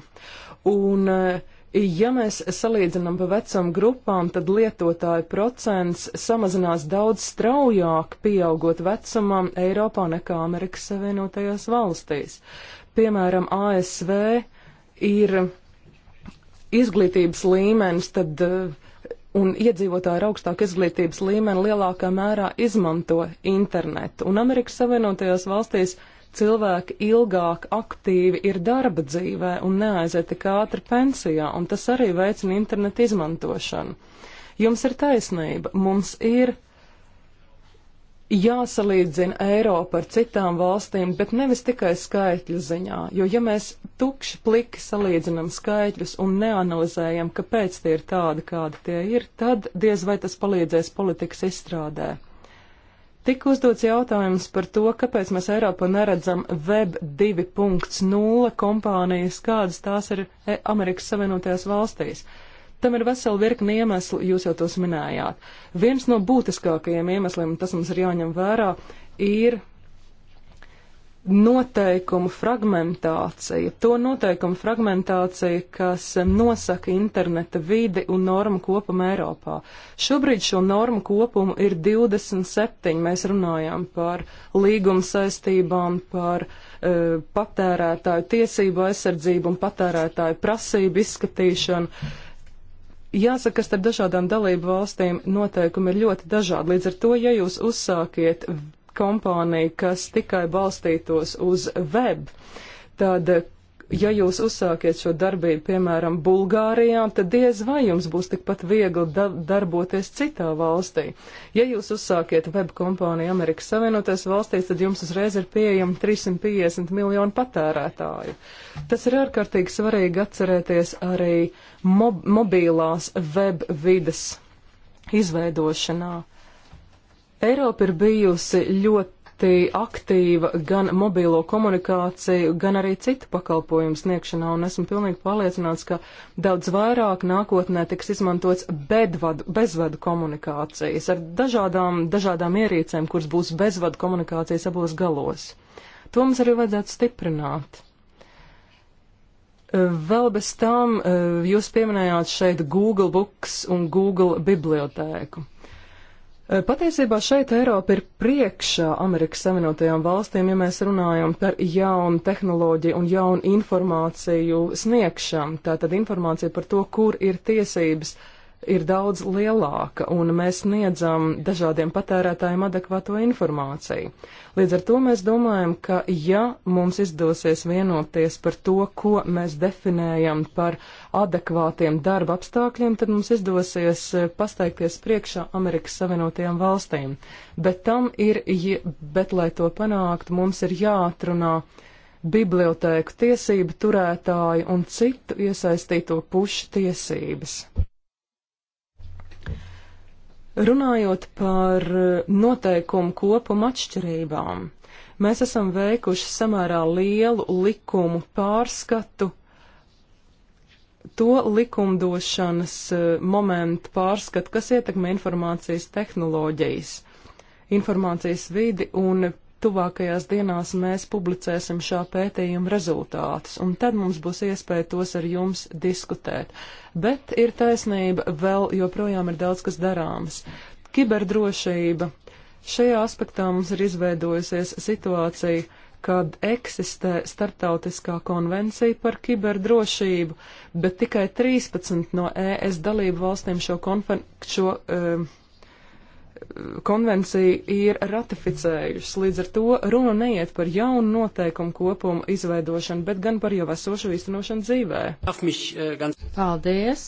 Un uh, Ja mēs salīdzinām pa vecām grupām, tad lietotāju procents samazinās daudz straujāk pieaugot vecumam Eiropā nekā Amerikas Savienotajās valstīs. Piemēram, ASV ir izglītības līmenis, tad eh, un iedzīvotāji ar augstāku izglītības līmeni lielākā mērā izmanto internetu. Un Amerikas Savienotajās valstīs cilvēki ilgāk aktīvi ir darba dzīvē un neaiziet tik ātri pensijā, un tas arī veicina internetu izmantošanu. Jums ir taisnība, mums ir jāsalīdzina Eiropa ar citām valstīm, bet nevis tikai skaitļu ziņā, jo ja mēs tukši pliki salīdzinam skaitļus un neanalizējam, kāpēc tie ir tādi, kādi tie ir, tad diez vai tas palīdzēs politikas izstrādē. Tik uzdots jautājums par to, kāpēc mēs Eiropā neredzam Web 2.0 kompānijas, kādas tās ir e- Amerikas Savienotajās valstīs. Tam ir vesela virkni iemeslu, jūs jau tos minējāt. Viens no būtiskākajiem iemesliem, un tas mums ir jāņem vērā, ir noteikumu fragmentācija, to noteikumu fragmentācija, kas nosaka interneta vidi un normu kopumu Eiropā. Šobrīd šo normu kopumu ir 27. Mēs runājam par līguma saistībām, par e, patērētāju tiesību aizsardzību un patērētāju prasību izskatīšanu. Jāsaka, ka starp dažādām dalību valstīm noteikumi ir ļoti dažādi. Līdz ar to, ja jūs uzsākiet kompānija, kas tikai balstītos uz web, tad, ja jūs uzsākiet šo darbību, piemēram, Bulgārijā, tad diez vai jums būs tikpat viegli da darboties citā valstī. Ja jūs uzsākiet web kompāniju Amerikas Savienotajās valstīs, tad jums uzreiz ir pieejami 350 miljoni patērētāju. Tas ir ārkārtīgi svarīgi atcerēties arī mob mobilās web vides izveidošanā. Eiropa ir bijusi ļoti aktīva gan mobīlo komunikāciju, gan arī citu pakalpojumu sniegšanā, un esmu pilnīgi pārliecināts, ka daudz vairāk nākotnē tiks izmantots bedvadu, bezvadu komunikācijas ar dažādām, dažādām ierīcēm, kuras būs bezvadu komunikācijas abos galos. To mums arī vajadzētu stiprināt. Vēl bez tam eh, jūs pieminējāt šeit Google Books un Google bibliotēku. Eh, patiesībā šeit Eiropa ir priekšā Amerikas Savienotajām valstīm, ja mēs runājam par jaunu tehnoloģiju un jaunu informāciju sniegšanu. Tātad informācija par to, kur ir tiesības ir daudz lielāka, un mēs sniedzam dažādiem patērētājiem adekvāto informāciju. Līdz ar to mēs domājam, ka ja mums izdosies vienoties par to, ko mēs definējam par adekvātiem darba apstākļiem, tad mums izdosies eh, pasteikties priekšā Amerikas Savienotajām valstīm. Bet tam ir, bet lai to panāktu, mums ir jāatrunā bibliotēku tiesību turētāju un citu iesaistīto pušu tiesības. Runājot par eh, noteikumu kopumu atšķirībām, mēs esam veikuši samērā lielu likumu pārskatu, to likumdošanas eh, momentu pārskatu, kas ietekmē informācijas tehnoloģijas, informācijas vidi un Tuvākajās dienās mēs publicēsim šā pētījuma rezultātus, un tad mums būs iespēja tos ar jums diskutēt. Bet ir taisnība, vēl joprojām ir daudz kas darāms. Kiberdrošība. Šajā aspektā mums ir izveidojusies situācija, kad eksistē starptautiskā konvencija par kiberdrošību, bet tikai 13 no ES dalību valstīm šo, konven šo um, uh, konvenciju ir ratificējušas. Līdz ar to runa neiet par jaunu noteikumu kopumu izveidošanu, bet gan par jau esošu īstenošanu dzīvē. Äh, Paldies!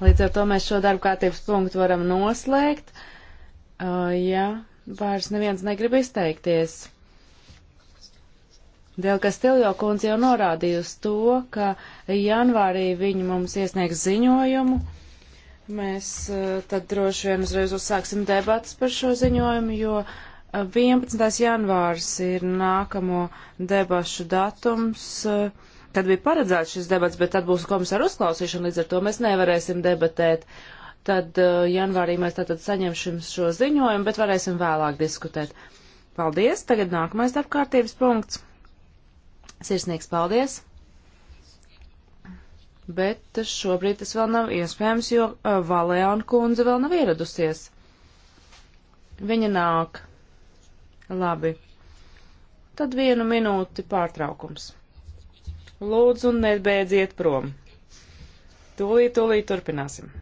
Līdz ar to mēs šo darbu kārtības punktu varam noslēgt. Uh, jā, vairs neviens negrib izteikties. Dēļ, ka Stiljo kundze jau norādījusi to, ka janvārī viņi mums iesniegs ziņojumu. Mēs eh, tad droši vien uzreiz uzsāksim debatas par šo ziņojumu, jo 11. Eh, janvārs ir nākamo debašu datums. Tad eh, bija paredzēts šis debats, bet tad būs komisāra uzklausīšana, līdz ar to mēs nevarēsim debatēt tad uh, janvārī mēs tātad saņemsim šo ziņojumu, bet varēsim vēlāk diskutēt. Paldies! Tagad nākamais darbkārtības punkts. Sirsnīgs paldies! bet šobrīd tas vēl nav iespējams, jo Valēna kundze vēl nav ieradusies. Viņa nāk. Labi. Tad vienu minūti pārtraukums. Lūdzu, nebeidziet prom. Tūlīt, tūlīt turpināsim.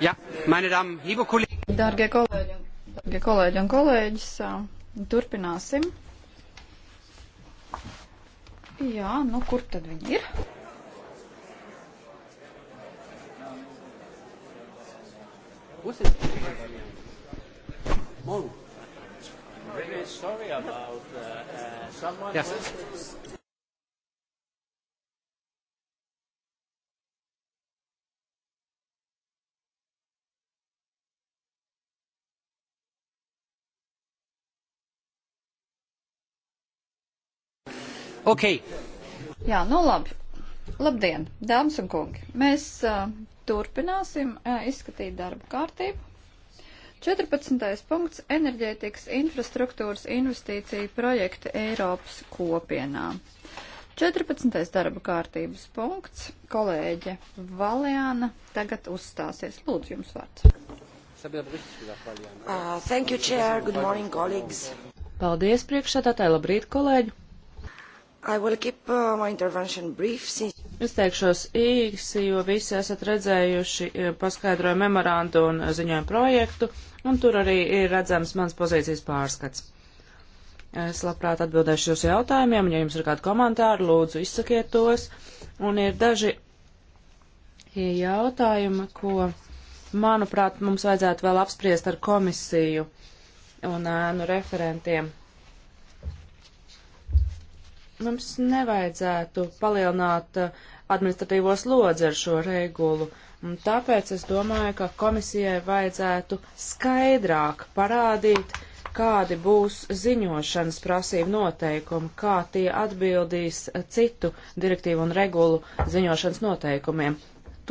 Ja, meine Damen, liebe Kollegen. Dārgie kolēģi, dārgie kolēģi un kolēģis, turpināsim. Jā, nu kur tad viņi ir? Who's it? Monu. Really sorry about uh, uh, someone. Yes. Who... Okay. Jā, nu labi. Labdien, dāmas un kungi. Mēs uh, turpināsim uh, izskatīt darba kārtību. 14. punkts - enerģētikas infrastruktūras investīcija projekti Eiropas kopienā. 14. darba kārtības punkts - kolēģe Valjāna tagad uzstāsies. Lūdzu, jums vārds. Uh, thank you, Chair. Good morning, colleagues. Paldies, priekšsēdētāji. Labrīt, kolēģi. Keep, uh, es teikšos īsi, jo visi esat redzējuši e, paskaidroju memorandu un ziņojumu projektu, un tur arī ir redzams mans pozīcijas pārskats. Es labprāt atbildēšu jūsu jautājumiem, ja jums ir kādi komentāri, lūdzu izsakiet tos. Un ir daži jautājumi, ko, manuprāt, mums vajadzētu vēl apspriest ar komisiju un ēnu referentiem Mums nevajadzētu palielināt uh, administratīvo slodzi ar šo regulu, un tāpēc es domāju, ka komisijai vajadzētu skaidrāk parādīt, kādi būs ziņošanas prasību noteikumi, kā tie atbildīs citu direktīvu un regulu ziņošanas noteikumiem.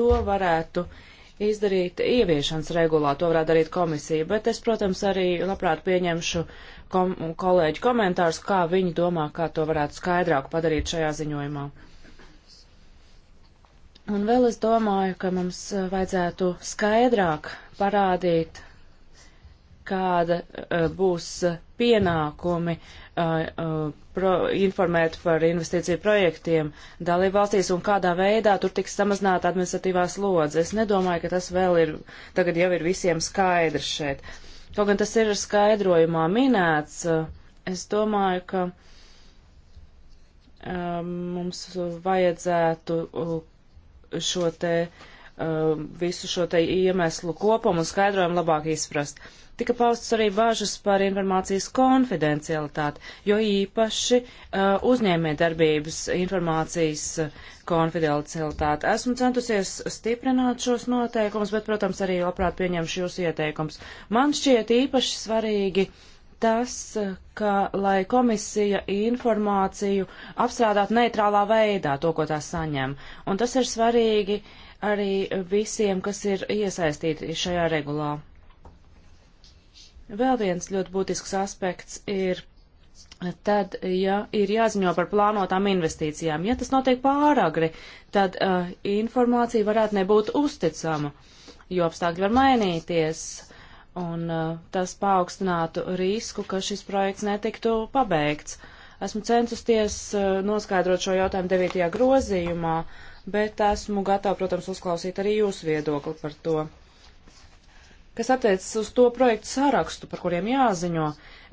To varētu uh, izdarīt ieviešanas regulā, to varētu darīt komisija, bet es, protams, arī labprāt pieņemšu kom kolēģu komentārus, kā viņi domā, kā to varētu skaidrāk padarīt šajā ziņojumā. Un vēl es domāju, ka mums vajadzētu skaidrāk parādīt kāda uh, būs pienākumi uh, pro, informēt par investīciju projektiem dalībvalstīs un kādā veidā tur tiks samazināta administratīvā slodze. Es nedomāju, ka tas vēl ir, tagad jau ir visiem skaidrs šeit. Kaut gan tas ir skaidrojumā minēts, uh, es domāju, ka mums vajadzētu šo te uh, Um, visu šo te iemeslu kopumu un skaidrojumu labāk izprast. Tika paustas arī bažas par informācijas konfidencialitāti, jo īpaši uh, uzņēmē darbības informācijas uh, konfidencialitāti. Esmu centusies stiprināt šos noteikumus, bet, protams, arī labprāt pieņemšu jūs ieteikums. Man šķiet īpaši svarīgi tas, uh, ka, lai komisija informāciju apstrādātu neitrālā veidā, to, ko tā saņem. Un tas ir svarīgi uh, arī visiem, kas ir iesaistīti šajā regulā. Vēl viens ļoti būtisks aspekts ir tad, ja ir jāziņo par plānotām investīcijām. Ja tas notiek pāragri, tad uh, informācija varētu nebūt uzticama, jo apstākļi var mainīties, un uh, tas paaugstinātu risku, ka šis projekts netiktu pabeigts. Esmu censusties uh, noskaidrot šo jautājumu 9. grozījumā, uh, bet esmu gatava, protams, uzklausīt arī jūsu viedokli par to. Kas attiecas uz to projektu sārakstu, par kuriem jāziņo,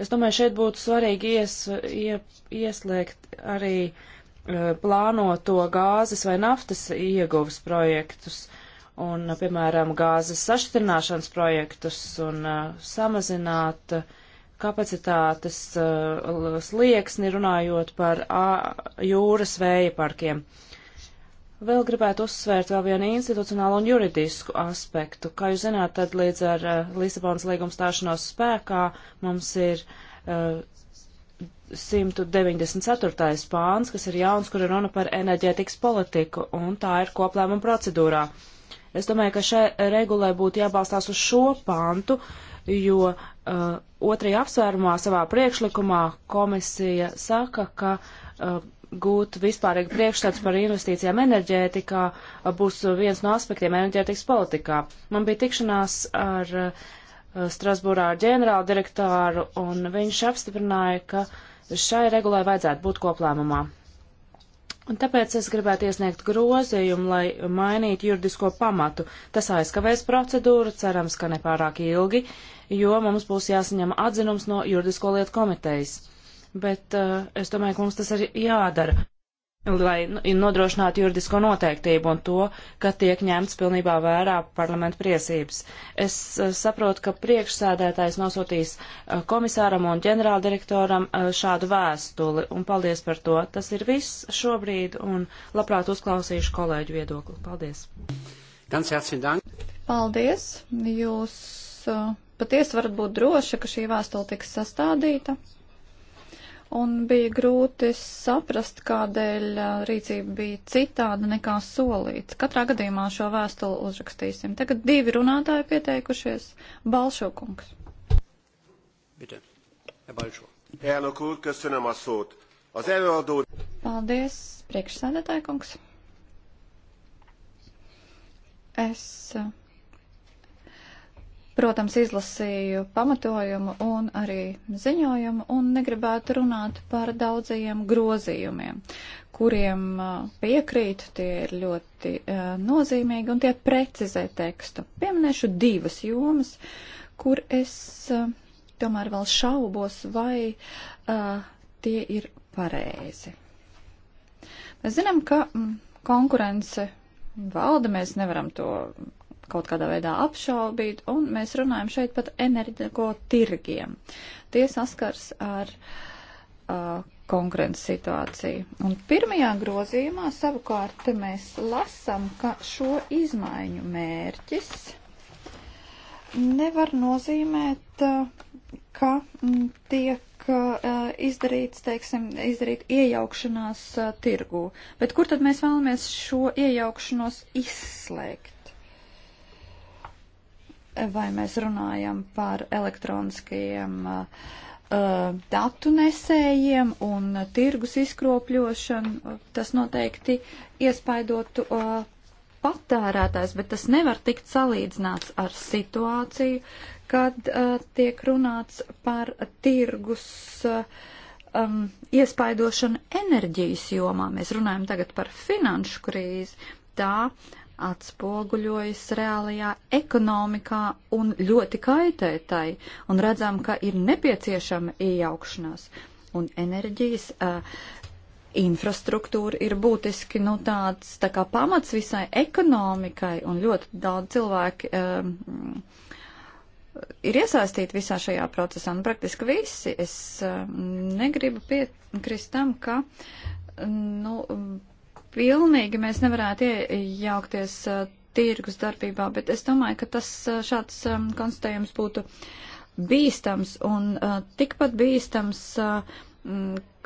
es domāju, šeit būtu svarīgi ies, ie, ieslēgt arī uh, plānoto gāzes vai naftas ieguvas projektus un, uh, piemēram, gāzes sašķirināšanas projektus un uh, samazināt kapacitātes e, slieksni, runājot par jūras vēja parkiem. Vēl gribētu uzsvērt vēl vienu institucionālu un juridisku aspektu. Kā jūs zināt, tad līdz ar uh, Lisabonas līguma stāšanos spēkā mums ir uh, eh, 194. pāns, kas ir jauns, kur ir runa par enerģētikas politiku, un tā ir koplēmuma procedūrā. Es domāju, ka šai regulai būtu jābalstās uz šo pāntu, jo uh, otrajā apsvērumā savā priekšlikumā komisija saka, ka uh, gūt vispārīgu priekšstats par investīcijām enerģētikā būs viens no aspektiem enerģētikas politikā. Man bija tikšanās ar Strasbūrā ar ģenerālu direktāru, un viņš apstiprināja, ka šai regulai vajadzētu būt koplēmumā. Un tāpēc es gribētu iesniegt grozījumu, lai mainītu juridisko pamatu. Tas aizkavēs procedūru, cerams, ka nepārāk ilgi, jo mums būs jāsaņem atzinums no juridisko lietu komitejas bet uh, es domāju, ka mums tas ir jādara, lai nodrošinātu juridisko noteiktību un to, ka tiek ņemts pilnībā vērā parlamenta priesības. Es uh, saprotu, ka priekšsēdētājs nosūtīs uh, komisāram un ģenerāldirektoram uh, šādu vēstuli, un paldies par to. Tas ir viss šobrīd, un labprāt uzklausīšu kolēģu viedokli. Paldies! Ganz herzlichen Dank. Paldies! Jūs uh, patiesi varat būt droši, ka šī vēstule tiks sastādīta un bija grūti saprast, kādēļ rīcība bija citāda nekā solīts. Katrā gadījumā šo vēstuli uzrakstīsim. Tagad divi runātāji pieteikušies. Balšokungs. Elnök úr, köszönöm a szót. Az előadó... Paldies, priekšsēdētāji kungs. Es Protams, izlasīju pamatojumu un arī ziņojumu un negribētu runāt par daudzajiem grozījumiem, kuriem piekrītu, tie ir ļoti uh, nozīmīgi un tie precizē tekstu. Pieminēšu divas jomas, kur es uh, tomēr vēl šaubos, vai uh, tie ir pareizi. Mēs zinām, ka mm, konkurence valda, mēs nevaram to kaut kādā veidā apšaubīt, un mēs runājam šeit pat energo tirgiem. Tie saskars ar uh, konkurences situāciju. Un pirmajā grozījumā savukārt mēs lasam, ka šo izmaiņu mērķis nevar nozīmēt, uh, ka mm, tiek uh, izdarīts, teiksim, izdarīt iejaukšanās uh, tirgū. Bet kur tad mēs vēlamies šo iejaukšanos izslēgt? vai mēs runājam par elektroniskajiem uh, uh datu nesējiem un tirgus izkropļošanu, uh, tas noteikti iespaidotu uh, patērētājs, bet tas nevar tikt salīdzināts ar situāciju, kad uh, tiek runāts par tirgus uh, um, iespaidošanu enerģijas jomā. Mēs runājam tagad par finanšu krīzi. Tā atspoguļojas reālajā ekonomikā un ļoti kaitē tai, un redzam, ka ir nepieciešama iejaukšanās. Un enerģijas uh, infrastruktūra ir būtiski nu, tāds tā kā pamats visai ekonomikai, un ļoti daudz cilvēki um, ir iesaistīti visā šajā procesā, un praktiski visi. Es um, negribu piekrist tam, ka. Nu, pilnīgi mēs nevarētu iejaukties tirgus darbībā, bet es domāju, ka tas šāds konstatējums būtu bīstams un tikpat bīstams,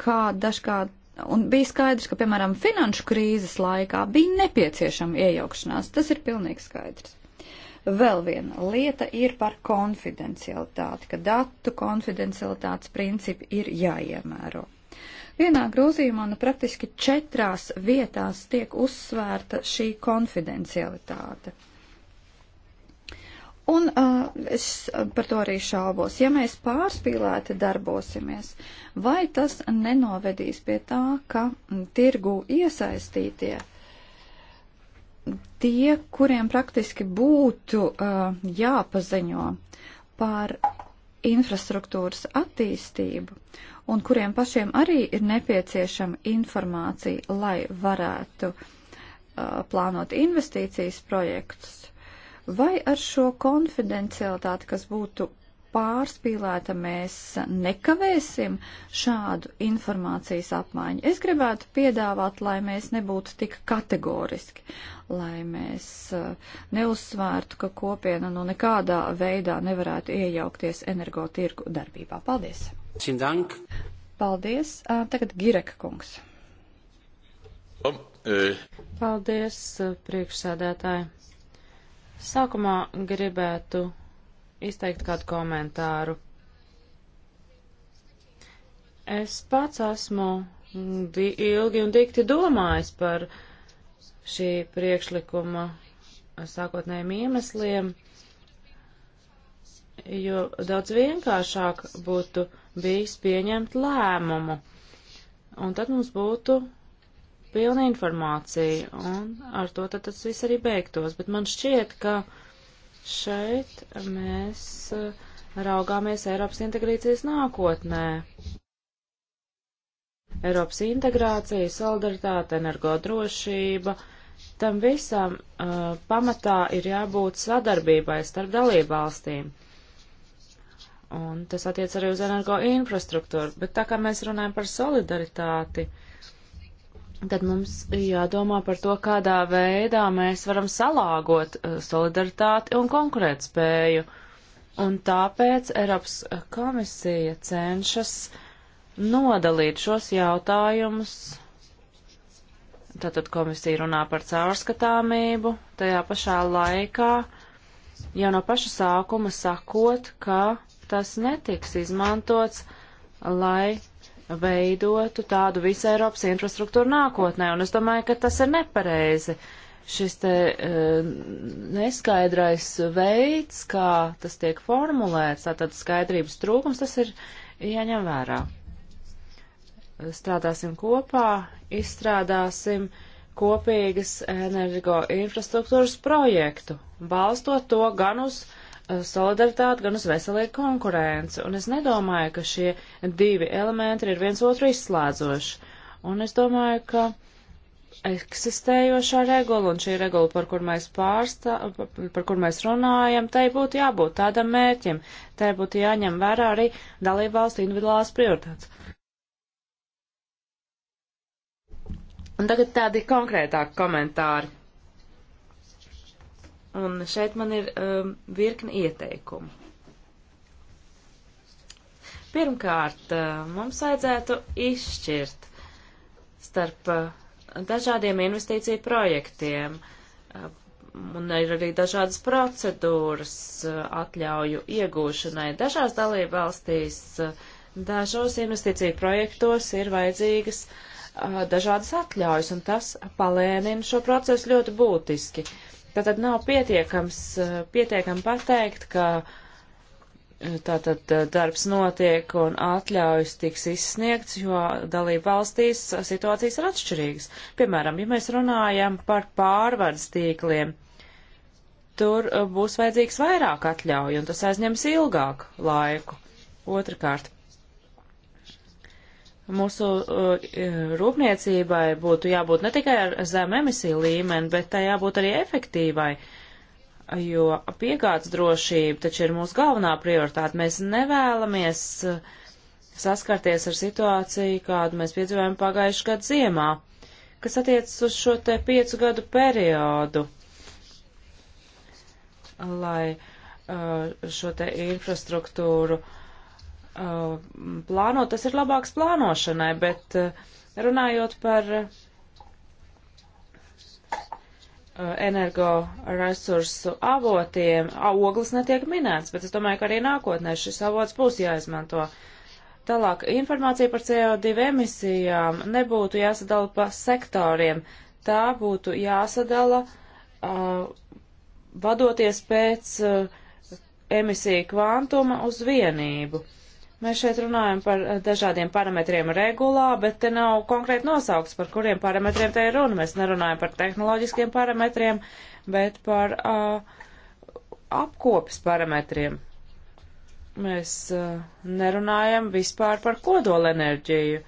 kā dažkārt Un bija skaidrs, ka, piemēram, finanšu krīzes laikā bija nepieciešama iejaukšanās. Tas ir pilnīgi skaidrs. Vēl viena lieta ir par konfidencialitāti, ka datu konfidencialitātes principi ir jāiemēro. Vienā grozījumā, nu praktiski četrās vietās tiek uzsvērta šī konfidencialitāte. Un uh, es par to arī šaubos. Ja mēs pārspīlēti darbosimies, vai tas nenovedīs pie tā, ka mm, tirgu iesaistītie tie, kuriem praktiski būtu uh, jāpaziņo par infrastruktūras attīstību un kuriem pašiem arī ir nepieciešama informācija, lai varētu uh, plānot investīcijas projektus. Vai ar šo konfidencialitāti, kas būtu pārspīlēta mēs nekavēsim šādu informācijas apmaiņu. Es gribētu piedāvāt, lai mēs nebūtu tik kategoriski, lai mēs eh, neuzsvērtu, ka kopiena no nu nekādā veidā nevarētu iejaukties energotirgu darbībā. Paldies! Sindank. Paldies! Eh, tagad Gireka kungs. Eh. Paldies, priekšsēdētāji! Sākumā gribētu izteikt kādu komentāru. Es pats esmu ilgi un dikti domājis par šī priekšlikuma sākotnējiem iemesliem, jo daudz vienkāršāk būtu bijis pieņemt lēmumu. Un tad mums būtu pilna informācija, un ar to tad tas viss arī beigtos. Bet man šķiet, ka uh, Šeit mēs uh, raugāmies Eiropas integrācijas nākotnē. Eiropas integrācija, solidaritāte, energodrošība, tam visam uh, pamatā ir jābūt sadarbībai starp dalībvalstīm. Un tas attiec arī uz energo infrastruktūru, bet tā kā mēs runājam par solidaritāti, uh, tad mums jādomā par to, kādā veidā mēs varam salāgot eh, solidaritāti un konkurētspēju. Un tāpēc Eiropas komisija cenšas nodalīt šos jautājumus. Tātad komisija runā par caurskatāmību, tajā pašā laikā jau no paša sākuma sakot, ka tas netiks izmantots, lai veidotu tādu visu Eiropas infrastruktūru nākotnē, un es domāju, ka tas ir nepareizi. Šis te uh, neskaidrais veids, kā tas tiek formulēts, tātad skaidrības trūkums, tas ir jāņem vērā. Strādāsim kopā, izstrādāsim kopīgas energo infrastruktūras projektu, balstot to gan uz uh, Uh, solidaritāti, gan uz veselīgu konkurenci. Un es nedomāju, ka šie divi elementi ir viens otru izslēdzoši. Un es domāju, ka eksistējošā regula un šī regula, par kur mēs pārstā, par kur mēs runājam, tai būtu jābūt tādam mērķim. Tai būtu jāņem vērā arī dalību valstu individuālās prioritātes. Un tagad tādi konkrētāki komentāri. Un šeit man ir um, virkni ieteikumu. Pirmkārt, uh, mums vajadzētu izšķirt starp uh, dažādiem investīciju projektiem, uh, un ir arī dažādas procedūras atļauju iegūšanai. Dažās dalība valstīs, dažos investīciju projektos ir vajadzīgas dažādas atļaujas, un tas palēnina šo procesu ļoti būtiski. Uh, Tātad nav pietiekams, eh, pietiekam pateikt, ka eh, tātad eh, darbs notiek un atļaujas tiks izsniegts, jo dalība valstīs situācijas ir atšķirīgas. Piemēram, ja mēs runājam par pārvades tīkliem, tur būs vajadzīgs vairāk atļauju un tas aizņems ilgāku laiku. Otrakārt, mūsu uh, rūpniecībai būtu jābūt ne tikai ar zem emisiju līmeni, bet tai jābūt arī efektīvai, jo piegādes drošība taču ir mūsu galvenā prioritāte. Mēs nevēlamies uh, saskarties ar situāciju, kādu mēs piedzīvojam pagājušajā gadā ziemā, kas attiecas uz šo te piecu gadu periodu, lai uh, šo te infrastruktūru uh, Uh, plānot, tas ir labāks plānošanai, bet uh, runājot par uh, energoresursu avotiem, ogles netiek minēts, bet es domāju, ka arī nākotnē šis avots būs jāizmanto. Tālāk, informācija par CO2 emisijām nebūtu jāsadala pa sektoriem, tā būtu jāsadala uh, vadoties pēc uh, emisiju kvantuma uz vienību. Uh, Mēs šeit runājam par eh, dažādiem parametriem regulā, bet te nav konkrēti nosaukts, par kuriem parametriem te ir runa. Mēs nerunājam par tehnoloģiskiem parametriem, bet par uh, apkopes parametriem. Mēs uh, nerunājam vispār par kodolenerģiju.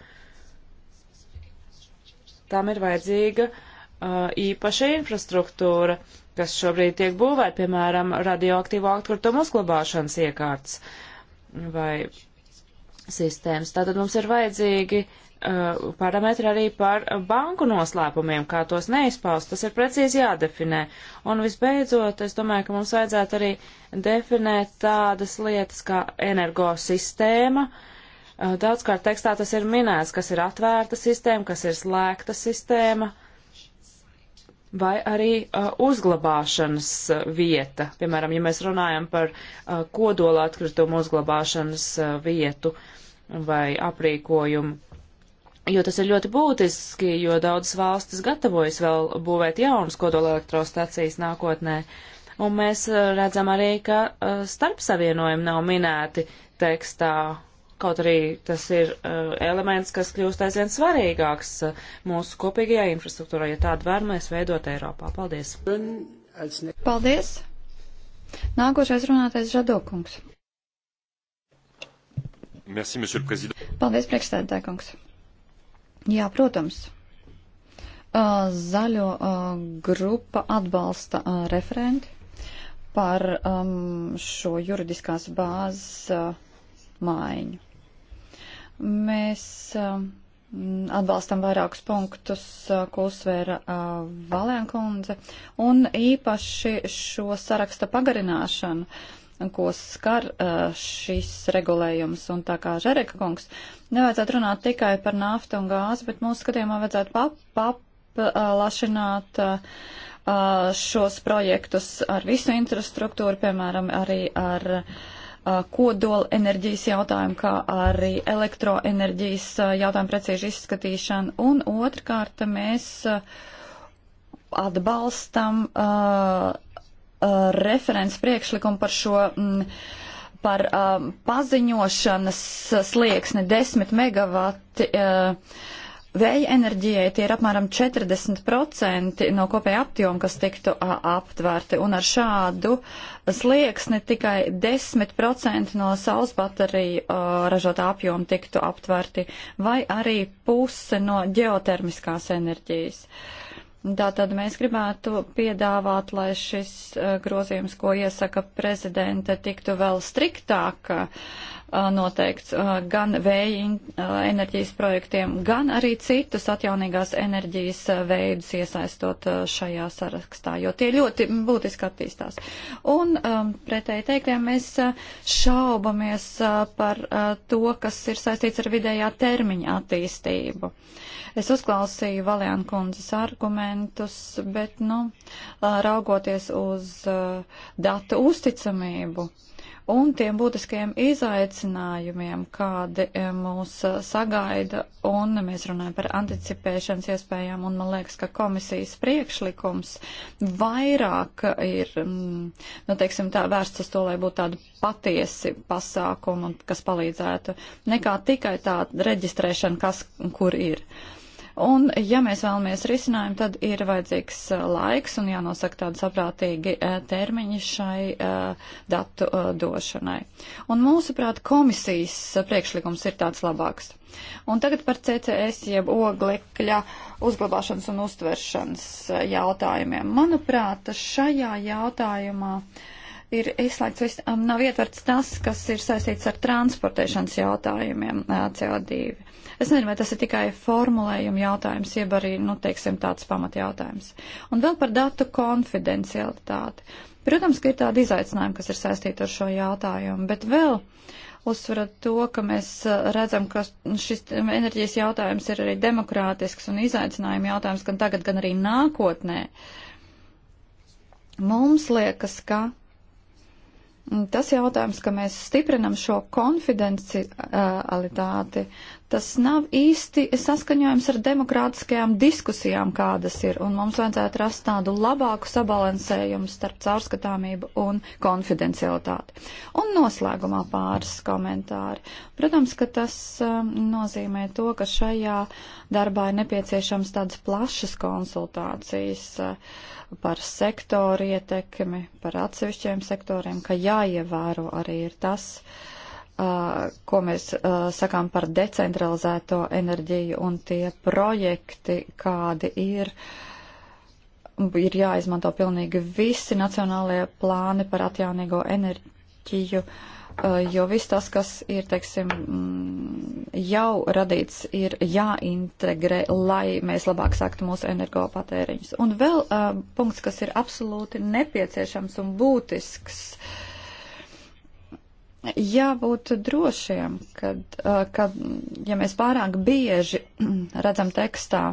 Tam ir vajadzīga uh, īpaša infrastruktūra, kas šobrīd tiek būvēta, piemēram, radioaktīvo atkritumu uzglabāšanas iekārtas vai sistēmas. Tātad mums ir vajadzīgi uh, parametri arī par banku noslēpumiem, kā tos neizpaust. Tas ir precīzi jādefinē. Un visbeidzot, es domāju, ka mums vajadzētu arī definēt tādas lietas kā energosistēma. Uh, daudzkārt tekstā tas ir minēts, kas ir atvērta sistēma, kas ir slēgta sistēma. Uh, vai arī uh, uzglabāšanas uh, vieta. Piemēram, ja mēs runājam par uh, kodola atkritumu uzglabāšanas uh, vietu vai aprīkojumu, jo tas ir ļoti būtiski, jo daudzas valstis gatavojas vēl būvēt jaunas kodola elektrostacijas nākotnē. Un mēs uh, redzam arī, ka uh, starpsavienojumi nav minēti tekstā Kaut arī tas ir uh, elements, kas kļūst aizvien svarīgāks uh, mūsu kopīgajā infrastruktūrā, ja tādu var mēs veidot Eiropā. Paldies! Paldies! Nākošais runātais Žadokungs. Merci, monsieur le président. Paldies, priekšstādātāj kungs. Jā, protams. Uh, zaļo uh, grupa atbalsta uh, referenti par um, šo juridiskās bāzes uh, maiņu. Mēs um, atbalstam vairākus punktus, uh, ko uzsvēra uh, Valēnkundze, un īpaši šo saraksta pagarināšanu ko skar uh, šis regulējums. Un tā kā Žereka kungs, nevajadzētu runāt tikai par naftu un gāzi, bet mūsu skatījumā vajadzētu paplašināt šos projektus ar visu infrastruktūru, piemēram, arī ar uh, Uh, kodola enerģijas jautājumu, kā arī elektroenerģijas uh, jautājumu precīzi izskatīšanu. Un otrkārt, mēs uh, atbalstam referents priekšlikumu par šo mm, par paziņošanas slieksni 10 megavati Vēja enerģijai tie ir apmēram 40% no kopēja apjoma, kas tiktu aptverti, un ar šādu slieksni tikai 10% no saules bateriju uh, ražotā apjoma tiktu aptverti, vai arī puse no ģeotermiskās enerģijas. Uh, Tātad mēs gribētu piedāvāt, lai šis eh, grozījums, ko iesaka prezidente, tiktu vēl striktāk eh, noteikts eh, gan vēja enerģijas projektiem, gan arī citus atjaunīgās enerģijas veidus iesaistot šajā sarakstā, jo tie ļoti būtiski attīstās. Un ehm, pretēji teiktiem mēs šaubamies par to, kas ir saistīts ar vidējā termiņa attīstību. Uh, Es uzklausīju Valēna kundzes argumentus, bet, nu, raugoties uz datu uzticamību un tiem būtiskajiem izaicinājumiem, kādi mūs sagaida, un mēs runājam par anticipēšanas iespējām, un man liekas, ka komisijas priekšlikums vairāk ir, mm, nu, teiksim, tā vērsts uz to, lai būtu tādu patiesi pasākumu, kas palīdzētu, nekā tikai tā reģistrēšana, kas kur ir. Uh, Un, ja mēs vēlamies risinājumu, tad ir vajadzīgs uh, laiks un jānosaka tādi saprātīgi uh, termiņi šai uh, datu došanai. Un mūsuprāt, komisijas priekšlikums ir tāds labāks. Un tagad par CCS jeb oglekļa uzglabāšanas un uztveršanas jautājumiem. Manuprāt, šajā jautājumā uh, ir izslēgts, vis, um, nav ietverts tas, kas ir saistīts ar transportēšanas jautājumiem uh, CO2. Es nezinu, vai tas ir tikai formulējuma jautājums, jeb arī, nu, teiksim, tāds pamatjautājums. Un vēl par datu konfidencialitāti. Protams, ka ir tādi izaicinājumi, kas ir saistīti ar šo jautājumu, bet vēl uzsverat to, ka mēs uh, redzam, ka šis enerģijas jautājums ir arī demokrātisks un izaicinājuma jautājums gan tagad, gan arī nākotnē. Mums liekas, ka Tas jautājums, ka mēs stiprinam šo konfidencialitāti, tas nav īsti saskaņojums ar demokrātiskajām diskusijām, kādas ir, un mums vajadzētu rast tādu labāku sabalansējumu starp caurskatāmību un konfidencialitāti. Un noslēgumā pāris komentāri. Protams, ka tas um, nozīmē to, ka šajā darbā ir nepieciešams tādas plašas konsultācijas. Uh, par sektoru ietekmi, par atsevišķiem sektoriem, ka jāievēro arī ir tas, uh, ko mēs uh, sakām par decentralizēto enerģiju un tie projekti, kādi ir. Ir jāizmanto pilnīgi visi nacionālie plāni par atjaunīgo enerģiju. Uh, Uh, jo viss tas, kas ir, teiksim, mm, jau radīts, ir jāintegrē, lai mēs labāk sāktu mūsu energopatēriņus. Un vēl uh, punkts, kas ir absolūti nepieciešams un būtisks. Jābūt drošiem, kad, uh, kad ja mēs pārāk bieži redzam tekstā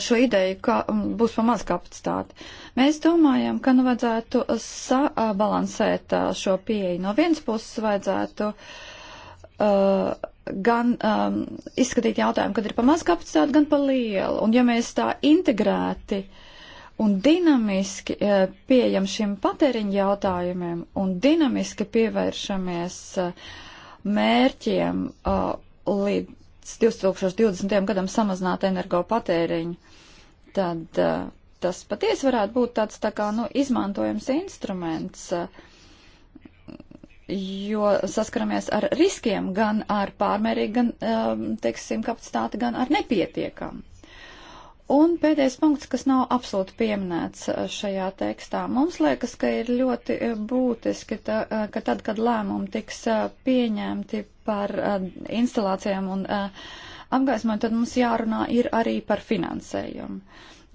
šo ideju, ka būs pamaz kapacitāte. Mēs domājam, ka nu vajadzētu sabalansēt šo pieeju. No vienas puses vajadzētu uh, gan um, izskatīt jautājumu, kad ir pamaz kapacitāte, gan pa lielu. Un ja mēs tā integrēti un dinamiski uh, pieejam šiem patēriņu jautājumiem un dinamiski pievēršamies uh, mērķiem uh, līdz līdz 2020. gadam samazināt energopatēriņu, tad uh, tas patiesi varētu būt tāds tā kā, nu, izmantojams instruments, uh, jo saskaramies ar riskiem gan ar pārmērīgu, gan, uh, teiksim, kapacitāti, gan ar nepietiekamu. Un pēdējais punkts, kas nav absolūti pieminēts eh, šajā tekstā. Mums liekas, ka ir ļoti eh, būtiski, ta, eh, ka tad, kad lēmumi tiks pieņemti par instalācijām un apgaismojumu, tad mums jārunā ir arī par finansējumu.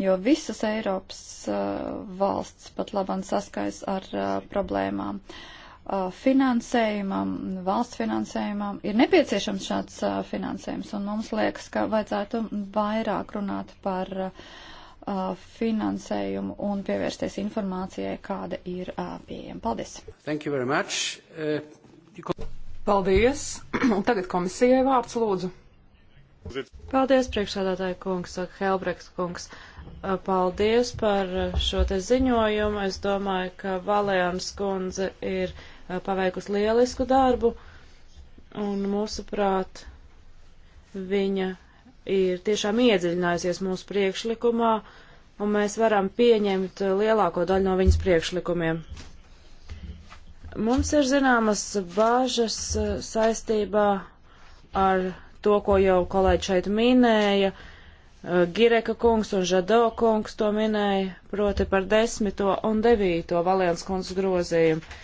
Jo visas Eiropas valsts pat labam saskais ar problēmām. Uh, Uh, finansējumam, valsts finansējumam ir nepieciešams šāds uh, finansējums, un mums liekas, ka vajadzētu vairāk runāt par uh, finansējumu un pievērsties informācijai, kāda ir pieejama. Paldies! Thank you very much. Uh, you... Paldies! Un tagad komisijai vārds lūdzu. Paldies, priekšsādātāja kungs, saka Helbreks kungs. Paldies par šo te ziņojumu. Es domāju, ka Valējams kundze ir Eh, paveikusi lielisku darbu, un mūsuprāt, viņa ir tiešām iedziļinājusies mūsu priekšlikumā, un mēs varam pieņemt lielāko daļu no viņas priekšlikumiem. Mums ir zināmas bāžas eh, saistībā ar to, ko jau kolēģi šeit minēja, eh, Gireka kungs un Žado kungs to minēja, proti par desmito un devīto Valēns kungs grozījumu.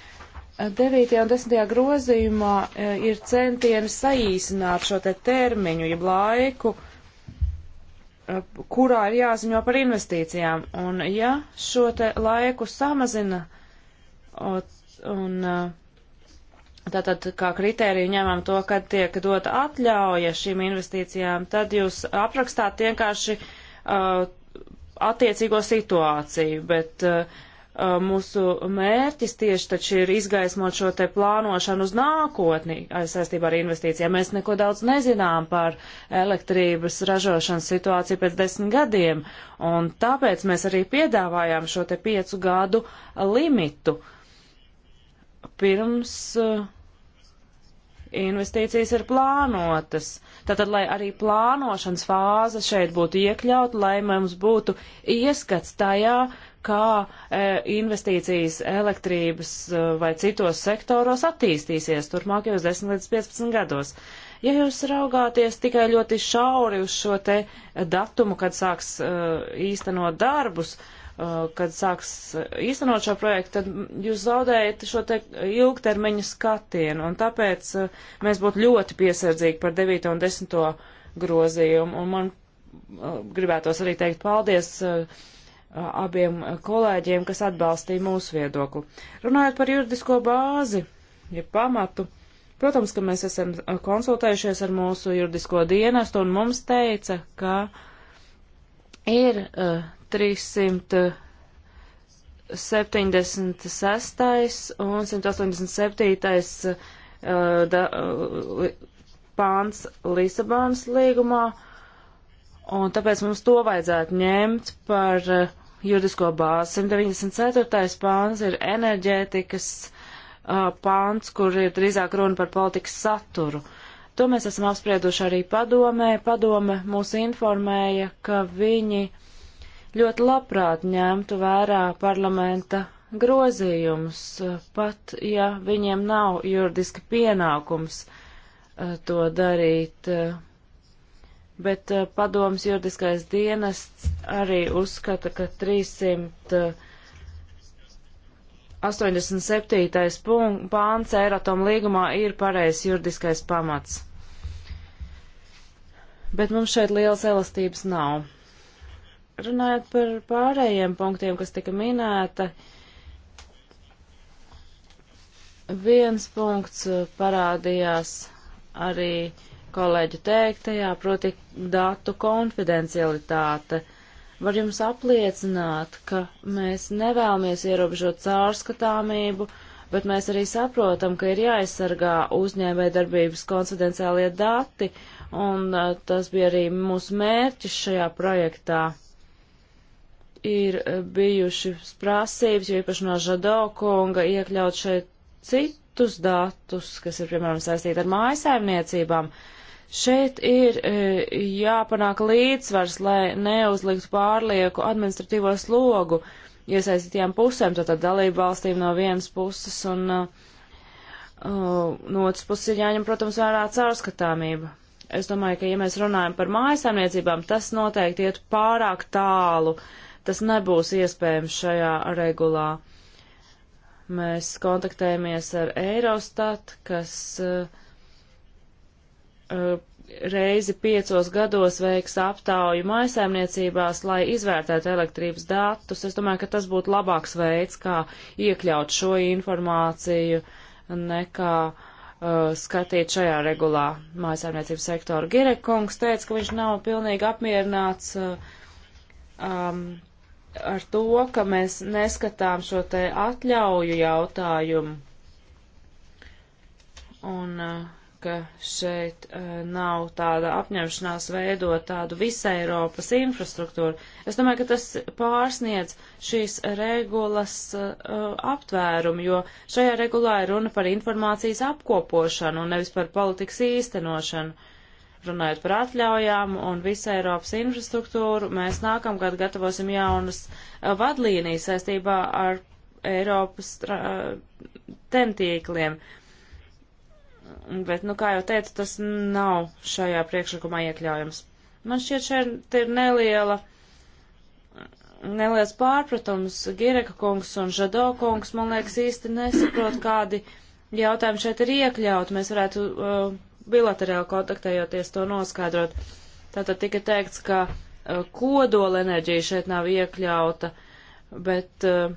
9. un 10. grozījumā e, ir centieni saīsināt šo te termiņu, jeb laiku, e, kurā ir jāziņo par investīcijām. Un ja šo te laiku samazina un e, tātad kā kritēriju ņemam to, kad tiek dota atļauja šīm investīcijām, tad jūs aprakstāt vienkārši uh, attiecīgo situāciju, bet uh, Uh, mūsu mērķis tieši taču ir izgaismot šo te plānošanu uz nākotni uh, saistībā ar investīcijām. Mēs neko daudz nezinām par elektrības ražošanas situāciju pēc desmit gadiem, un tāpēc mēs arī piedāvājām šo te piecu gadu limitu pirms uh, investīcijas ir plānotas. Tātad, lai arī plānošanas fāze šeit būtu iekļauta, lai mums būtu ieskats tajā, uh, kā e, investīcijas elektrības e, vai citos sektoros attīstīsies turpmākajos 10 līdz 15 gados. Ja jūs raugāties tikai ļoti šauri uz šo te datumu, kad sāks e, īstenot darbus, e, kad sāks e, īstenot šo projektu, tad jūs zaudējat šo te ilgtermiņa skatienu, un tāpēc e, mēs būtu ļoti piesardzīgi par 9 un 10 grozījumu, un man gribētos arī teikt paldies uh, abiem kolēģiem, kas atbalstīja mūsu viedokli. Runājot par juridisko bāzi, ja pamatu, protams, ka mēs esam konsultējušies ar mūsu juridisko dienestu un mums teica, ka ir uh, 376. un 187. Uh, da, uh, pāns Lisabonas līgumā, un tāpēc mums to vajadzētu ņemt par uh, juridisko bāzi. 194. pāns ir enerģētikas uh, pāns, kur ir drīzāk runa par politikas saturu. To mēs esam apsprieduši arī padomē. Padome mūs informēja, ka viņi ļoti labprāt ņemtu vērā parlamenta grozījumus, pat ja viņiem nav juridiska pienākums uh, to darīt. Uh, bet uh, padomas juridiskais dienests arī uzskata, ka 387. Eh, pāns Eiratom līgumā ir pareizs juridiskais pamats. Bet mums šeit lielas elastības nav. Runājot par pārējiem punktiem, kas tika minēta, viens punkts eh, parādījās arī uh, kolēģu teiktajā, proti datu konfidencialitāte. Var jums apliecināt, ka mēs nevēlamies ierobežot caurskatāmību, bet mēs arī saprotam, ka ir jāaizsargā uzņēmē darbības konfidenciālie dati, un tas bija arī mūsu mērķis šajā projektā. Ir bijuši prasības, jo īpaši no Žadokunga iekļaut šeit citus datus, kas ir, piemēram, saistīti ar mājasaimniecībām. Uh, Šeit ir e, jāpanāk līdzsvars, lai neuzliktu pārlieku administratīvo slogu iesaistītiem pusēm, tātad dalību valstīm no vienas puses un uh, no otras puses ir jāņem, protams, vērā caurskatāmība. Es domāju, ka, ja mēs runājam par mājasēmniecībām, tas noteikti iet pārāk tālu. Tas nebūs iespējams šajā regulā. Mēs kontaktējamies ar Eirostat, kas uh, Eh, reizi piecos gados veiks aptauju maisaimniecībās, lai izvērtētu elektrības datus. Es domāju, ka tas būtu labāks veids, kā iekļaut šo informāciju nekā uh, skatīt šajā regulā mājasēmniecības sektoru. Girekungs teica, ka viņš nav pilnīgi apmierināts uh, um, ar to, ka mēs neskatām šo te atļauju jautājumu. Un uh, ka šeit eh, nav tāda apņemšanās veidot tādu visai Eiropas infrastruktūru. Es domāju, ka tas pārsniedz šīs regulas eh, aptvērumu, jo šajā regulā ir runa par informācijas apkopošanu un nevis par politikas īstenošanu. Runājot par atļaujām un visu Eiropas infrastruktūru, mēs nākamgad gatavosim jaunas eh, vadlīnijas saistībā ar Eiropas tentīkliem. Uh, bet, nu, kā jau teicu, tas nav šajā priekšlikumā iekļaujams. Man šķiet, šeit ir neliela, neliels pārpratums. Gireka kungs un Žado kungs, man liekas, īsti nesaprot, kādi jautājumi šeit ir iekļaut. Mēs varētu uh, bilaterāli kontaktējoties to noskaidrot. Tātad tika teikts, ka uh, kodola enerģija šeit nav iekļauta, bet uh,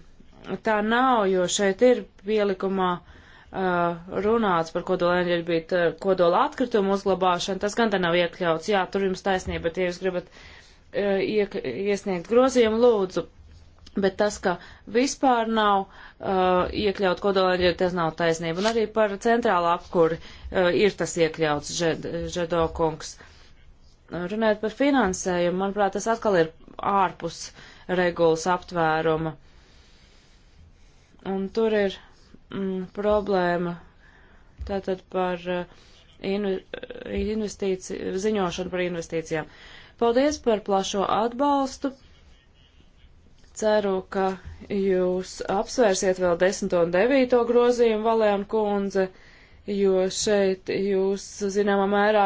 tā nav, jo šeit ir pielikumā uh, Uh, runāts par kodolenerģiju, uh, kodola atkritumu uzglabāšanu, tas gan te nav iekļauts. Jā, tur jums taisnība, bet ja jūs gribat uh, iek, iesniegt grozījumu, lūdzu. Bet tas, ka vispār nav uh, iekļaut kodolenerģiju, tas nav taisnība. Un arī par centrālu apkuri uh, ir tas iekļauts, žed, Žedokungs. Runājot par finansējumu, manuprāt, tas atkal ir ārpus regulas aptvēruma. Un tur ir mm, problēma tātad par eh, eh, investīciju, ziņošanu par investīcijām. Paldies par plašo atbalstu. Ceru, ka jūs apsvērsiet vēl 10. un 9. grozījumu Valēna kundze, jo šeit jūs, zināmā mērā,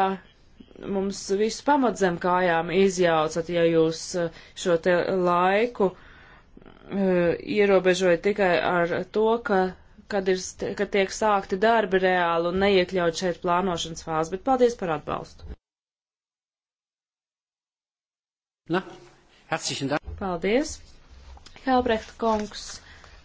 mums visu pamat zem kājām izjaucat, ja jūs eh, šo te laiku uh, ierobežojat tikai ar to, ka kad, ir, kad tiek sākti darbi reāli un neiekļaut šeit plānošanas fāzi, bet paldies par atbalstu. Na, herzlichen Dank. Paldies. Helbrecht kungs,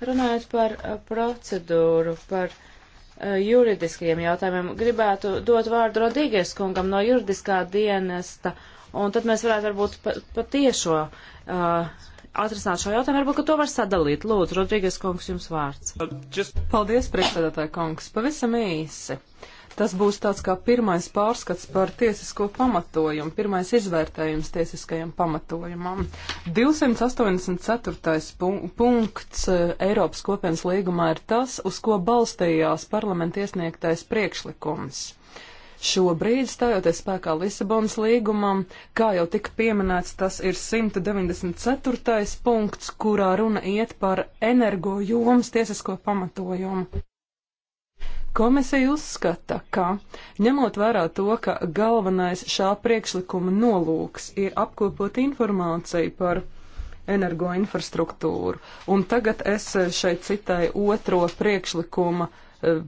runājot par eh, procedūru, par eh, juridiskajiem jautājumiem, gribētu dot vārdu Rodīgies kungam no juridiskā dienesta, un tad mēs varētu varbūt patiešo pa, pa tiešo, uh, atrisināt šo jautājumu, varbūt, ka to var sadalīt. Lūdzu, Rodrīgas kungs, jums vārds. Uh, Paldies, priekšsēdētāja kungs. Pavisam īsi. Tas būs tāds kā pirmais pārskats par tiesisko pamatojumu, pirmais izvērtējums tiesiskajam pamatojumam. 284. Pun punkts uh, Eiropas kopienas līgumā ir tas, uz ko balstījās parlamenta iesniegtais priekšlikums. Šobrīd, stājoties spēkā Lisabonas līgumam, kā jau tika pieminēts, tas ir 194. punkts, kurā runa iet par energo jomas tiesisko pamatojumu. Komisija uzskata, ka, ņemot vērā to, ka galvenais šā priekšlikuma nolūks ir apkopot informāciju par energoinfrastruktūru. Un tagad es šeit citēju otro priekšlikuma Eh,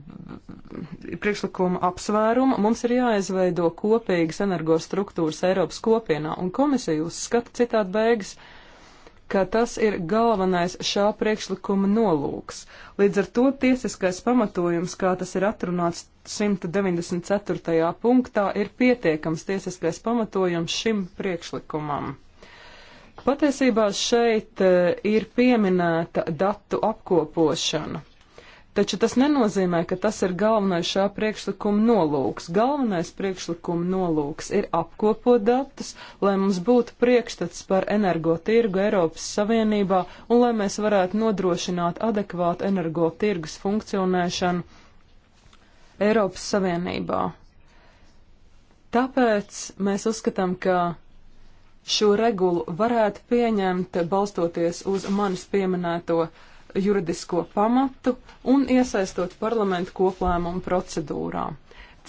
priekšlikuma apsvērumu, mums ir jāizveido kopīgas energostruktūras Eiropas kopienā, un komisija uzskata citāt beigas, ka tas ir galvenais šā priekšlikuma nolūks. Līdz ar to tiesiskais pamatojums, kā tas ir atrunāts 194. punktā, ir pietiekams tiesiskais pamatojums šim priekšlikumam. Patiesībā šeit eh, ir pieminēta datu apkopošana. Taču tas nenozīmē, ka tas ir galvenais šā priekšlikuma nolūks. Galvenais priekšlikuma nolūks ir apkopot datus, lai mums būtu priekšstats par energotirgu Eiropas Savienībā un lai mēs varētu nodrošināt adekvātu energotirgus funkcionēšanu Eiropas Savienībā. Tāpēc mēs uzskatām, ka šo regulu varētu pieņemt balstoties uz manis pieminēto uh, juridisko pamatu un iesaistot parlamentu koplēmumu procedūrā.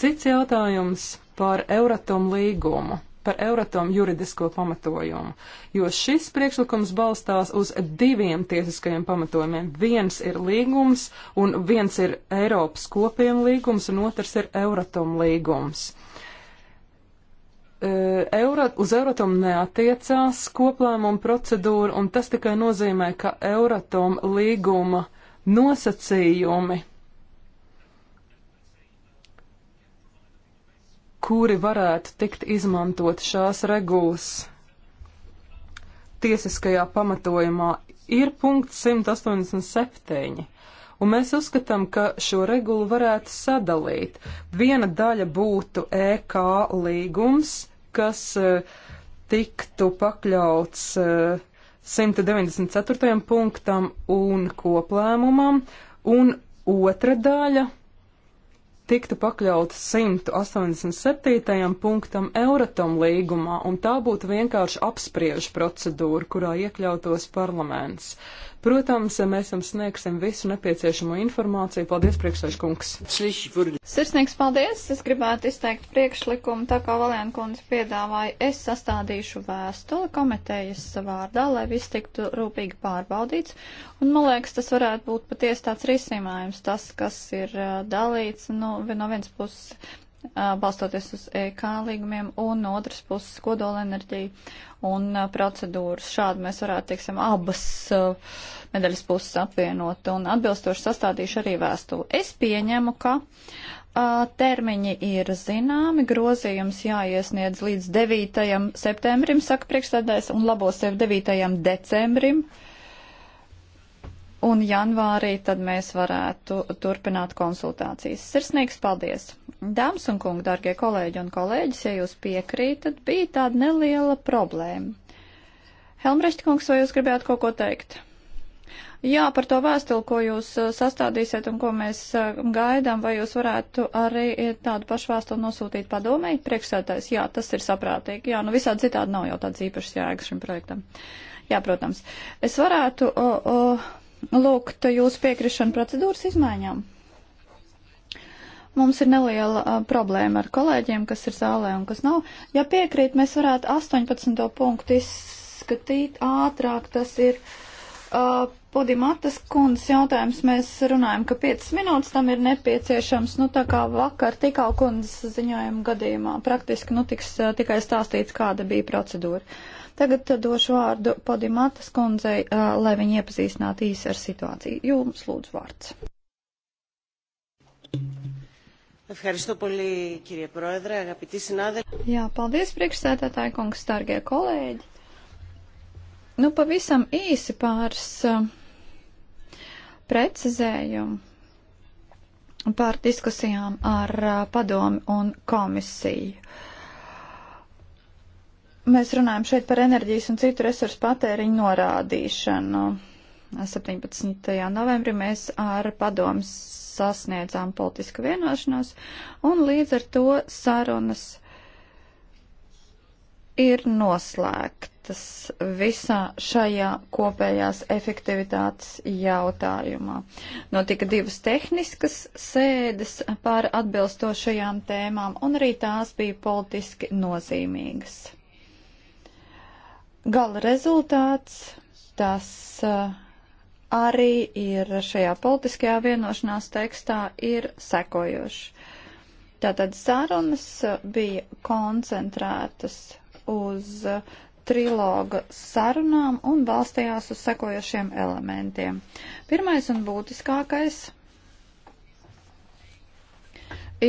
Cits jautājums par Euratom līgumu, par Euratom juridisko pamatojumu, jo šis priekšlikums balstās uz diviem tiesiskajiem pamatojumiem. Viens ir līgums, un viens ir Eiropas kopienu līgums, un otrs ir Euratom līgums. Uh, Euro, uz Euratom neatiecās koplēmuma procedūra, un tas tikai nozīmē, ka Euratom līguma nosacījumi, kuri varētu tikt izmantot šās regulas tiesiskajā pamatojumā, ir punkts 187 un mēs uzskatām, ka šo regulu varētu sadalīt. Viena daļa būtu EK līgums, kas eh, tiktu pakļauts 194. Eh, punktam un koplēmumam, un otra daļa tiktu pakļauta 187. punktam Euratom līgumā, un tā būtu vienkārši apspriežu procedūra, kurā iekļautos parlaments. Protams, mēs jums sniegsim visu nepieciešamo informāciju. Paldies, priekšsēžkungs! Sirsnīgs paldies! Es gribētu izteikt priekšlikumu, tā kā Valēna kundze piedāvāja, es sastādīšu vēstuli komitejas vārdā, lai viss tiktu rūpīgi pārbaudīts. Un, man liekas, tas varētu būt patiesi tāds risinājums, tas, kas ir dalīts nu, no vienas puses balstoties uz EK līgumiem, un no otras puses kodolenerģija un procedūras. Šādi mēs varētu, teiksim, abas medaļas puses apvienot un atbilstoši sastādīšu arī vēstuli. Es pieņemu, ka termiņi ir zināmi, grozījums jāiesniedz līdz 9. septembrim, saka priekšstādājs, un labos sev 9. decembrim. Un janvārī tad mēs varētu turpināt konsultācijas. Sirsnīgs paldies! Dāmas un kungi, dārgie kolēģi un kolēģis, ja jūs piekrītat, bija tāda neliela problēma. Helmrecht kungs, vai jūs gribētu kaut ko teikt? Jā, par to vēstuli, ko jūs sastādīsiet un ko mēs gaidām, vai jūs varētu arī tādu pašu vēstuli nosūtīt padomēji? Priekšsētājs, jā, tas ir saprātīgi. Jā, nu visādi citādi nav jau tāds īpašs jēgas šim projektam. Jā, protams. Es varētu o, o, lūgt jūsu piekrišanu procedūras izmaiņām. Mums ir neliela uh, problēma ar kolēģiem, kas ir zālē un kas nav. Ja piekrīt, mēs varētu 18. punktu izskatīt ātrāk. Tas ir uh, Podimatas kundas jautājums. Mēs runājam, ka 5 minūtes tam ir nepieciešams. Nu, tā kā vakar tikā kundas ziņojuma gadījumā praktiski nu, tiks uh, tikai stāstīts, kāda bija procedūra. Tagad došu vārdu Podimatas kundzei, uh, lai viņa iepazīstinātu īsi ar situāciju. Jums lūdzu vārds. Ευχαριστώ πολύ, κύριε Πρόεδρε, αγαπητοί συνάδελφοι. Jā, paldies, priekšsētātāji kungs, stargie kolēģi. Nu, pavisam īsi pāris eh, precizējumu par diskusijām ar eh, padomi un komisiju. Mēs runājam šeit par enerģijas un citu resursu patēriņu norādīšanu 17. novembrī mēs ar padomu sasniedzām politisku vienošanos, un līdz ar to sarunas ir noslēgtas visā šajā kopējās efektivitātes jautājumā. Notika divas tehniskas sēdes par atbilstošajām tēmām, un arī tās bija politiski nozīmīgas. Gala rezultāts tas uh, arī ir šajā politiskajā vienošanās tekstā ir sekojoši. Tātad sarunas bija koncentrētas uz triloga sarunām un balstījās uz sekojošiem elementiem. Pirmais un būtiskākais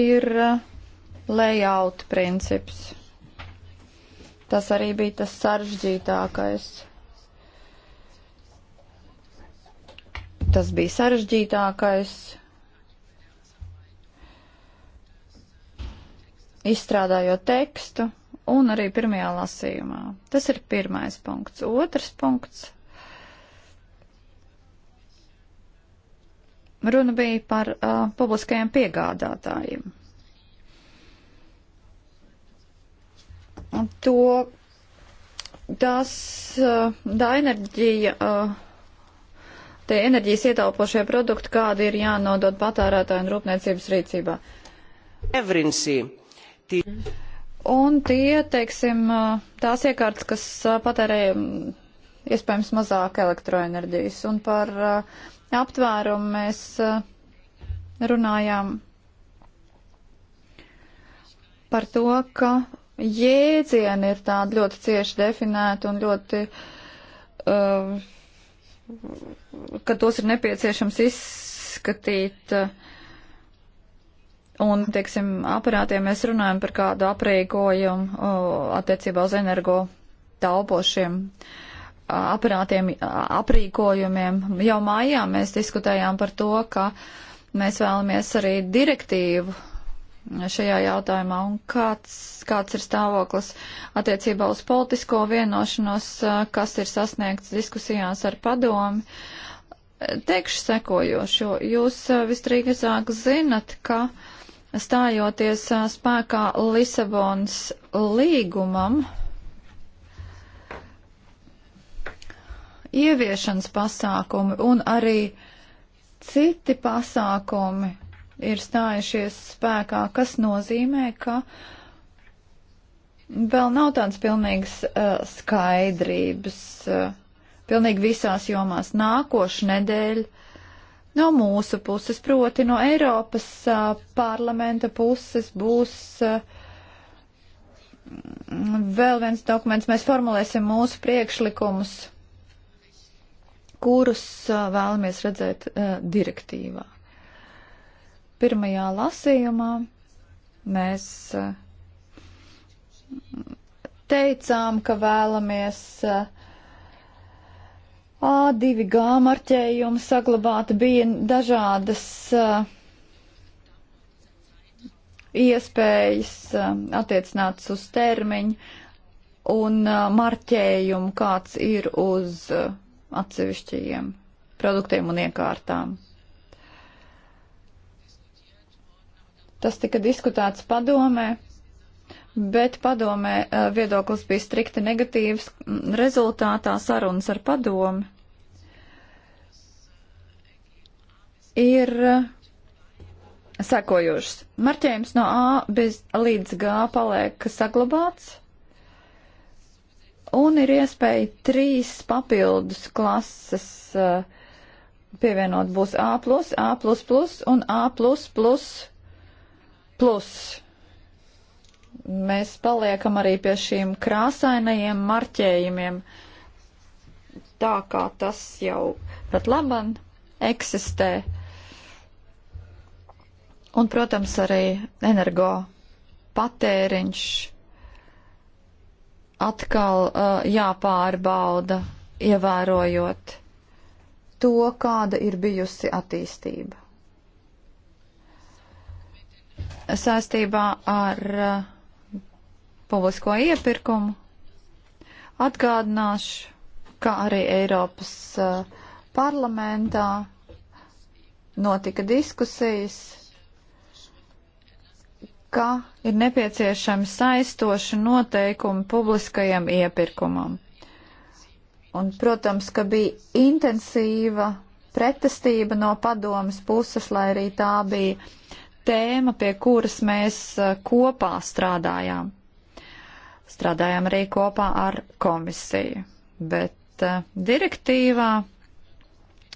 ir layout princips. Tas arī bija tas saržģītākais Tas bija sarežģītākais. Izstrādājot tekstu un arī pirmajā lasījumā. Tas ir pirmais punkts. Otrs punkts. Runa bija par uh, publiskajiem piegādātājiem. Un to tās uh, tā enerģija uh, tie enerģijas ietaupošie produkti, kādi ir jānodod patērētāju un rūpniecības rīcībā. Evrinsī. Un tie, teiksim, tās iekārtas, kas patērē iespējams mazāk elektroenerģijas. Un par aptvērumu mēs runājām par to, ka jēdzieni ir tādi ļoti cieši definēti un ļoti uh, ka tos ir nepieciešams izskatīt. Un, teiksim, aparātiem mēs runājam par kādu aprīkojumu attiecībā uz energo taupošiem aparātiem, aprīkojumiem. Jau mājā mēs diskutējām par to, ka mēs vēlamies arī direktīvu šajā jautājumā un kāds, kāds ir stāvoklis attiecībā uz politisko vienošanos, kas ir sasniegts diskusijās ar padomi. Teikšu sekojošo. Jūs visdrīgāk zinat, ka stājoties spēkā Lisabons līgumam, ieviešanas pasākumi un arī citi pasākumi ir stājušies spēkā, kas nozīmē, ka vēl nav tādas pilnīgas uh, skaidrības, uh, pilnīgi visās jomās nākošu nedēļu. No mūsu puses, proti no Eiropas uh, parlamenta puses būs uh, vēl viens dokuments, mēs formulēsim mūsu priekšlikumus, kurus vēlamies redzēt direktīvā. Pirmajā lasījumā mēs eh, teicām, ka vēlamies eh, A2G marķējumu saglabāt, bija dažādas eh, iespējas attiecināts uz termiņu un marķējumu, kāds ir uz atsevišķajiem produktiem un iekārtām. Tas tika diskutēts padomē, bet padomē eh, viedoklis bija strikti negatīvs. Mm, rezultātā sarunas ar padomi ir eh, sekojošas. Marķējums no A bez, līdz G paliek saglabāts un ir iespēja trīs papildus klases eh, pievienot būs A, A un A Plus mēs paliekam arī pie šīm krāsainajiem marķējumiem, tā kā tas jau pat laban eksistē. Un, protams, arī energo patēriņš atkal uh, jāpārbauda, ievērojot to, kāda ir bijusi attīstība saistībā ar uh, publisko iepirkumu. Atgādināšu, ka arī Eiropas uh, parlamentā notika diskusijas, ka ir nepieciešami saistoši noteikumi publiskajam iepirkumam. Un, protams, ka bija intensīva pretestība no padomas puses, lai arī tā bija tēma, pie kuras mēs kopā strādājām. Strādājām arī kopā ar komisiju, bet direktīvā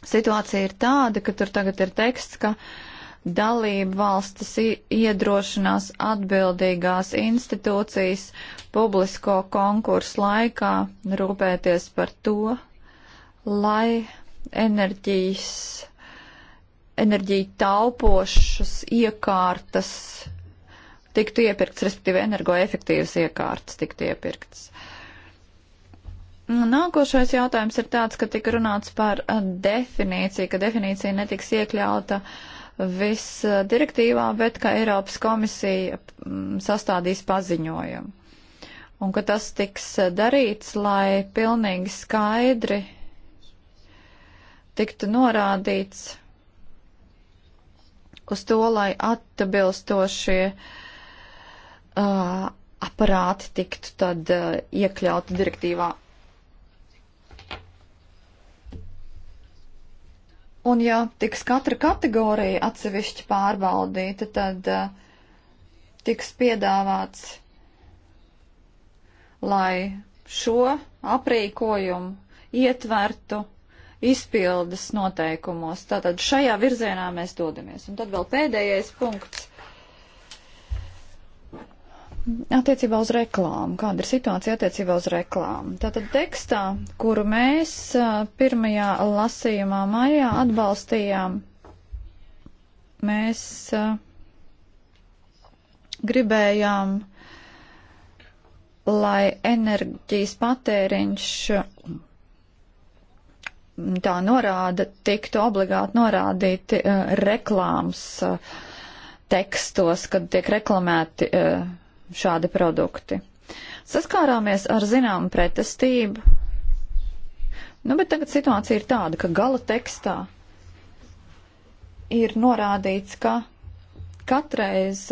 situācija ir tāda, ka tur tagad ir teksts, ka dalību valstis iedrošinās atbildīgās institūcijas publisko konkursu laikā rūpēties par to, lai enerģijas enerģiju taupošas iekārtas tiktu iepirkts, respektīvi energoefektīvas iekārtas tiktu iepirkts. Nākošais jautājums ir tāds, ka tika runāts par definīciju, ka definīcija netiks iekļauta viss direktīvā, bet ka Eiropas komisija sastādīs paziņojumu. Un ka tas tiks darīts, lai pilnīgi skaidri tiktu norādīts, uz to, lai atbilstošie uh, aparāti tiktu tad uh, iekļauti direktīvā. Un ja tiks katra kategorija atsevišķi pārbaudīta, tad uh, tiks piedāvāts, lai šo aprīkojumu ietvertu izpildes noteikumos. Tātad šajā virzienā mēs dodamies. Un tad vēl pēdējais punkts. Attiecībā uz reklāmu. Kāda ir situācija attiecībā uz reklāmu? Tātad tekstā, kuru mēs pirmajā lasījumā maijā atbalstījām, mēs gribējām, lai enerģijas patēriņš tā norāda tiktu obligāti norādīti uh, reklāmas uh, tekstos, kad tiek reklamēti uh, šādi produkti. Saskārāmies ar zināmu pretestību. Nu, bet tagad situācija ir tāda, ka gala tekstā ir norādīts, ka katreiz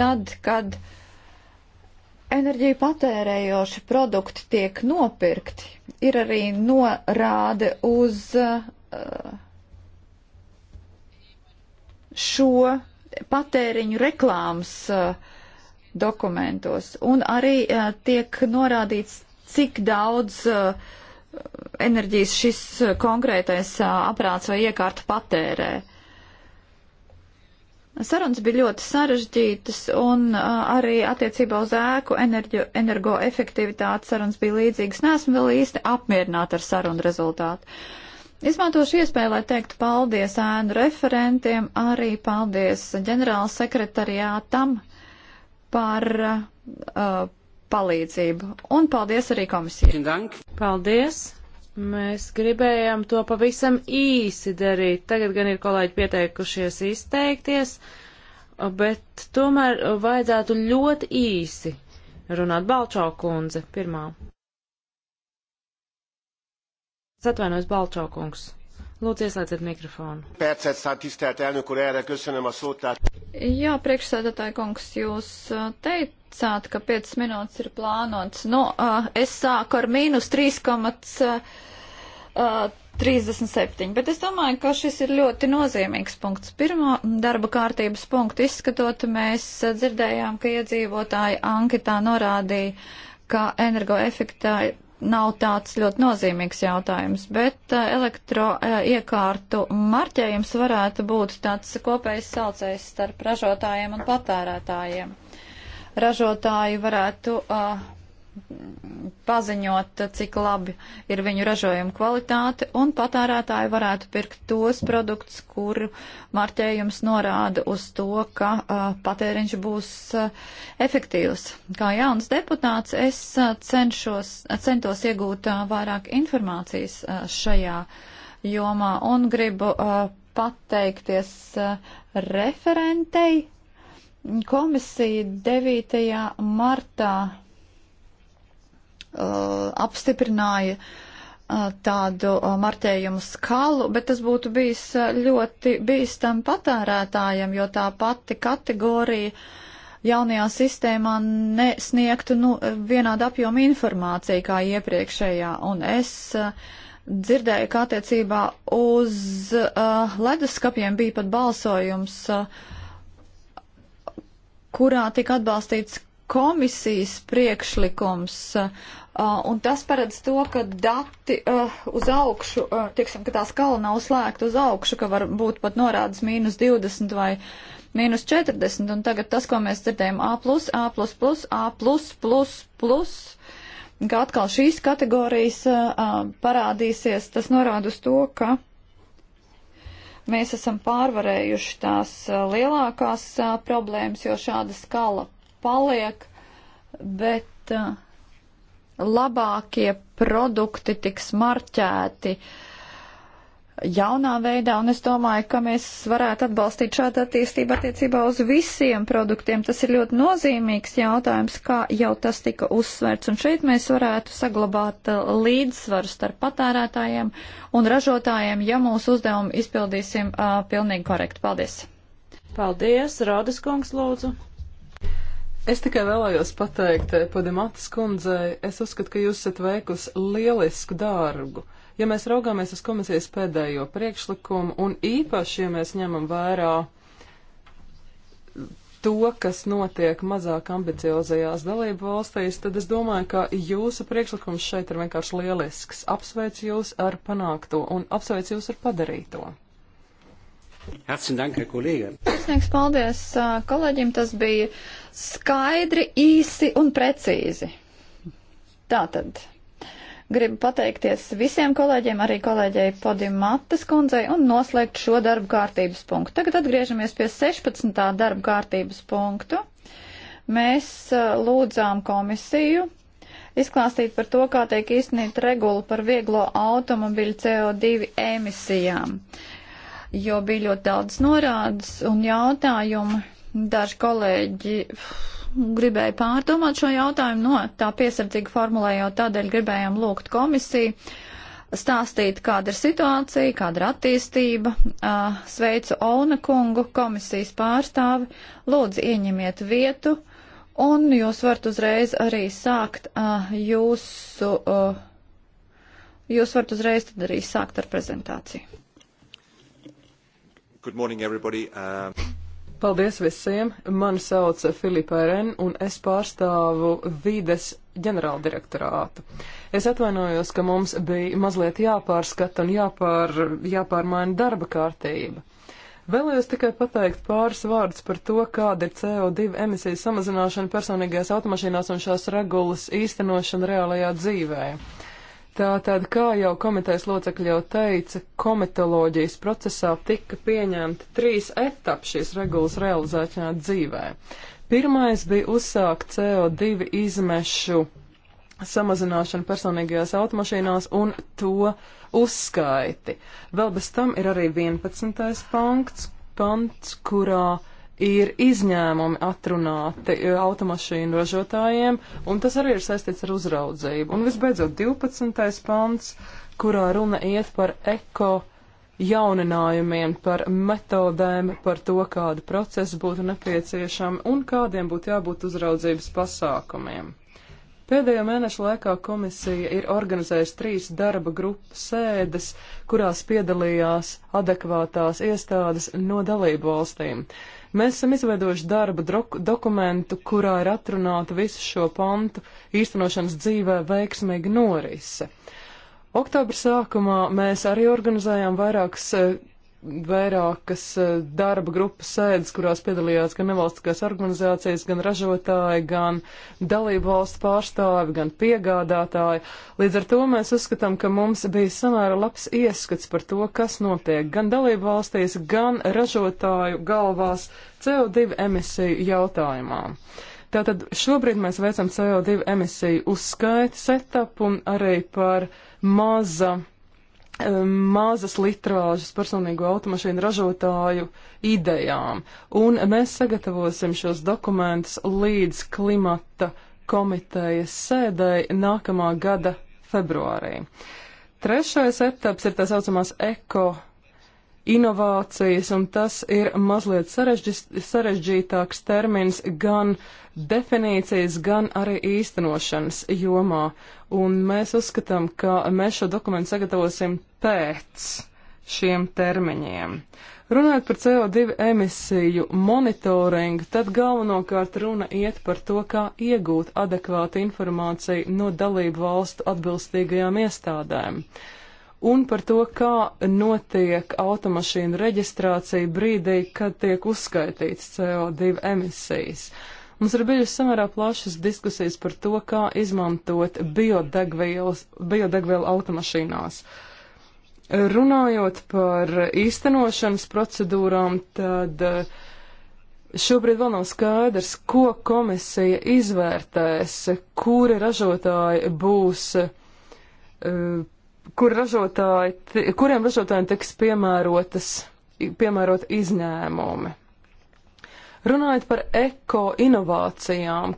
tad, kad uh, enerģiju patērējoši produkti tiek nopirkti, ir arī norāde uz uh, šo patēriņu reklāmas uh, dokumentos, un arī uh, tiek norādīts, cik daudz enerģijas šis konkrētais aprāts vai iekārta patērē. Sarunas bija ļoti sarežģītas, un uh, arī attiecībā uz ēku enerģo, energoefektivitāti sarunas bija līdzīgas. Nesmu vēl īsti apmierināta ar sarunu rezultātu. Izmantošu iespēju, lai teiktu paldies ēnu referentiem, arī paldies ģenerāla sekretariātam par uh, palīdzību, un paldies arī komisijai. Paldies! Mēs gribējām to pavisam īsi darīt. Tagad gan ir kolēģi pieteikušies izteikties, bet tomēr vajadzētu ļoti īsi runāt Balčau kundze pirmā. Es atvainojos Balčau kungs. Lūdzu, ieslēdziet mikrofonu. Pērcēt statistēt, elnukur ēra, köszönöm a szót. Jā, priekšsēdētāji kungs, jūs uh, teicāt, ka 5 minūtes ir plānots. Nu, uh, es sāku ar mīnus 3,37, uh, bet es domāju, ka šis ir ļoti nozīmīgs punkts. Pirmo darba kārtības punktu izskatot, mēs dzirdējām, ka iedzīvotāji anketā norādīja, ka energoefektivitāte nav tāds ļoti nozīmīgs jautājums, bet eh, elektroiekārtu eh, marķējums varētu būt tāds kopējs saucējs starp ražotājiem un patērētājiem. Ražotāji varētu uh, paziņot, cik labi ir viņu ražojuma kvalitāte, un patērētāji varētu pirkt tos produktus, kuru marķējums norāda uz to, ka uh, patēriņš būs uh, efektīvs. Kā jauns deputāts es uh, cenšos, centos iegūt uh, vairāk informācijas uh, šajā jomā un gribu uh, pateikties uh, referentei. Komisija 9. martā Uh, apstiprināja uh, tādu uh, marķējumu skalu, bet tas būtu bijis ļoti bīstam patērētājiem, jo tā pati kategorija jaunajā sistēmā nesniegtu nu, vienādu apjomu informāciju kā iepriekšējā. Un es dzirdēju, ka attiecībā uz uh, leduskapiem bija pat balsojums, uh, kurā tika atbalstīts komisijas priekšlikums. Uh, Uh, un tas paredz to, ka dati uh, uz augšu, uh, tieksim, ka tā skala nav slēgta uz augšu, ka var būt pat norādes mīnus 20 vai mīnus 40, un tagad tas, ko mēs dzirdējam, A+, A++, A++++, ka atkal šīs kategorijas uh, uh, parādīsies, tas norāda uz to, ka mēs esam pārvarējuši tās uh, lielākās uh, problēmas, jo šāda skala paliek, bet. Uh, labākie produkti tiks marķēti jaunā veidā, un es domāju, ka mēs varētu atbalstīt šādu attīstību attiecībā uz visiem produktiem. Tas ir ļoti nozīmīgs jautājums, kā jau tas tika uzsverts, un šeit mēs varētu saglabāt uh, līdzsvaru starp patērētājiem un ražotājiem, ja mūsu uzdevumu izpildīsim uh, pilnīgi korekti. Paldies! Paldies, Rodas kungs, lūdzu! Es tikai vēlējos pateikt eh, Podimatas kundzei, es uzskatu, ka jūs esat veikusi lielisku darbu. Ja mēs raugāmies uz komisijas pēdējo priekšlikumu un īpaši, ja mēs ņemam vērā to, kas notiek mazāk ambiciozajās dalību valstīs, tad es domāju, ka jūsu priekšlikums šeit ir vienkārši lielisks. Apsveicu jūs ar panākto un apsveicu jūs ar padarīto. Sirsnīgs paldies kolēģim, tas bija skaidri, īsi un precīzi. Tātad. Gribu pateikties visiem kolēģiem, arī kolēģei Podimatas kundzei un noslēgt šo darbu kārtības punktu. Tagad atgriežamies pie 16. darbu kārtības punktu. Mēs lūdzām komisiju izklāstīt par to, kā tiek īstenīta regula par vieglo automobiļu CO2 emisijām. Uh, jo bija ļoti daudz norādes un jautājumu. Daži kolēģi gribēja pārdomāt šo jautājumu, no tā piesardzīgi formulējot, tādēļ gribējām lūgt komisiju stāstīt, kāda ir situācija, kāda ir attīstība. Sveicu Olna kungu, komisijas pārstāvi. Lūdzu, ieņemiet vietu, un jūs varat uzreiz arī sākt jūsu. Jūs varat uzreiz tad arī sākt ar prezentāciju. Good morning, everybody. Uh... Paldies visiem! Mani sauc Filipa Ren un es pārstāvu vides ģenerāldirektorātu. Es atvainojos, ka mums bija mazliet jāpārskata un jāpār, jāpārmaina darba kārtība. Vēlējos tikai pateikt pāris vārdus par to, kāda ir CO2 emisiju samazināšana personīgajās automašīnās un šās regulas īstenošana reālajā dzīvē. Uh, Tātad, kā jau komitejas locekļi jau teica, komitoloģijas procesā tika pieņemti trīs etapi šīs regulas realizēšanā dzīvē. Pirmais bija uzsākt CO2 izmešu samazināšanu personīgajās automašīnās un to uzskaiti. Vēl bez tam ir arī 11. punkts, pants, kurā uh, ir izņēmumi atrunāti e, automašīnu ražotājiem, un tas arī ir saistīts ar uzraudzību. Un visbeidzot, 12. pants, kurā runa iet par eko jauninājumiem, par metodēm, par to, kāda procesa būtu nepieciešama un kādiem būtu jābūt uzraudzības pasākumiem. Pēdējo mēnešu laikā komisija ir organizējusi trīs darba grupu sēdes, kurās piedalījās adekvātās iestādes no dalību valstīm. Mēs esam izveidojuši darba dokumentu, kurā ir atrunāta visu šo pantu īstenošanas dzīvē veiksmīga norise. Oktobra sākumā mēs arī organizējām vairākas eh, vairākas eh, darba grupas sēdes, kurās piedalījās gan nevalstiskās organizācijas, gan ražotāji, gan dalību valstu pārstāvi, gan piegādātāji. Līdz ar to mēs uzskatām, ka mums bija samēra labs ieskats par to, kas notiek gan dalību valstīs, gan ražotāju galvās CO2 emisiju jautājumā. Tātad šobrīd mēs veicam CO2 emisiju uzskaiti setup un arī par maza Um, mazas litrāžas personīgo automašīnu ražotāju idejām. Un mēs sagatavosim šos dokumentus līdz klimata komitejas sēdēji nākamā gada februārī. Trešais etaps ir tā saucamās eko inovācijas, un tas ir mazliet sarežģītāks termins gan definīcijas, gan arī īstenošanas jomā. Un mēs uzskatām, ka mēs šo dokumentu sagatavosim pēc šiem termiņiem. Runājot par CO2 emisiju monitoringu, tad galvenokārt runa iet par to, kā iegūt adekvātu informāciju no dalību valstu atbilstīgajām iestādēm. Uh, un par to, kā notiek automašīnu reģistrācija brīdī, kad tiek uzskaitīts CO2 emisijas. Mums ir bijušas samērā plašas diskusijas par to, kā izmantot biodegvielu automašīnās. Runājot par īstenošanas procedūrām, tad eh, šobrīd vēl nav skaidrs, ko komisija izvērtēs, kuri ražotāji būs eh, kur ražotāji, kuriem ražotājiem tiks piemērotas, piemērot izņēmumi. Runājot par eko-inovācijām,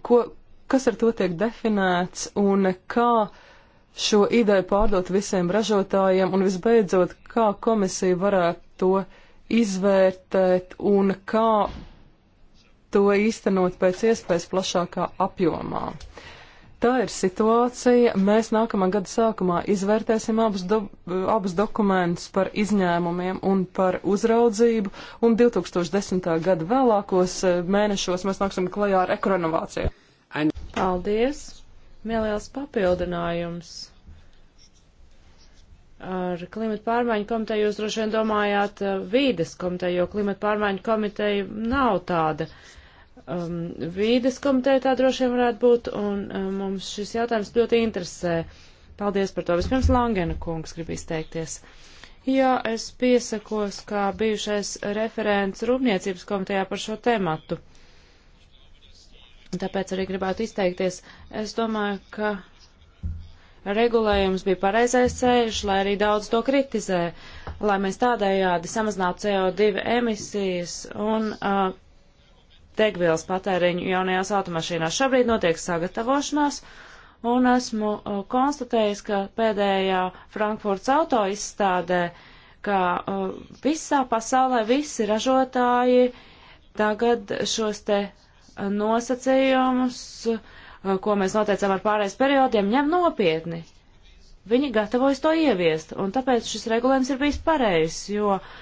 kas ar to tiek definēts un kā šo ideju pārdot visiem ražotājiem un visbeidzot, kā komisija varētu to izvērtēt un kā to īstenot pēc iespējas plašākā apjomā. Uh, Tā ir situācija. Mēs nākamā gada sākumā izvērtēsim abus, do, abus dokumentus par izņēmumiem un par uzraudzību, un 2010. gada vēlākos eh, mēnešos mēs nāksim klajā ar ekorenovāciju. Paldies! Neliels papildinājums. Ar klimata pārmaiņu komiteju jūs droši vien domājāt eh, vīdes komiteju, jo klimata pārmaiņu komiteju nav tāda. Uh, um, vīdes komiteja tā droši vien varētu būt, un um, mums šis jautājums ļoti interesē. Paldies par to. Vispirms Langena kungs grib izteikties. Jā, es piesakos kā bijušais referents Rūpniecības komitejā par šo tematu. Tāpēc arī gribētu izteikties. Es domāju, ka regulējums bija pareizais ceļš, lai arī daudz to kritizē, lai mēs tādējādi samazinātu CO2 emisijas un uh, degvielas patēriņu jaunajās automašīnās. Šobrīd notiek sagatavošanās, un esmu uh, konstatējis, ka pēdējā Frankfurts auto izstādē, ka uh, visā pasaulē visi ražotāji tagad šos te nosacījumus, ko mēs noteicām ar pārējais periodiem, ņem nopietni. Viņi gatavojas to ieviest, un tāpēc šis regulējums ir bijis pareizs, jo uh,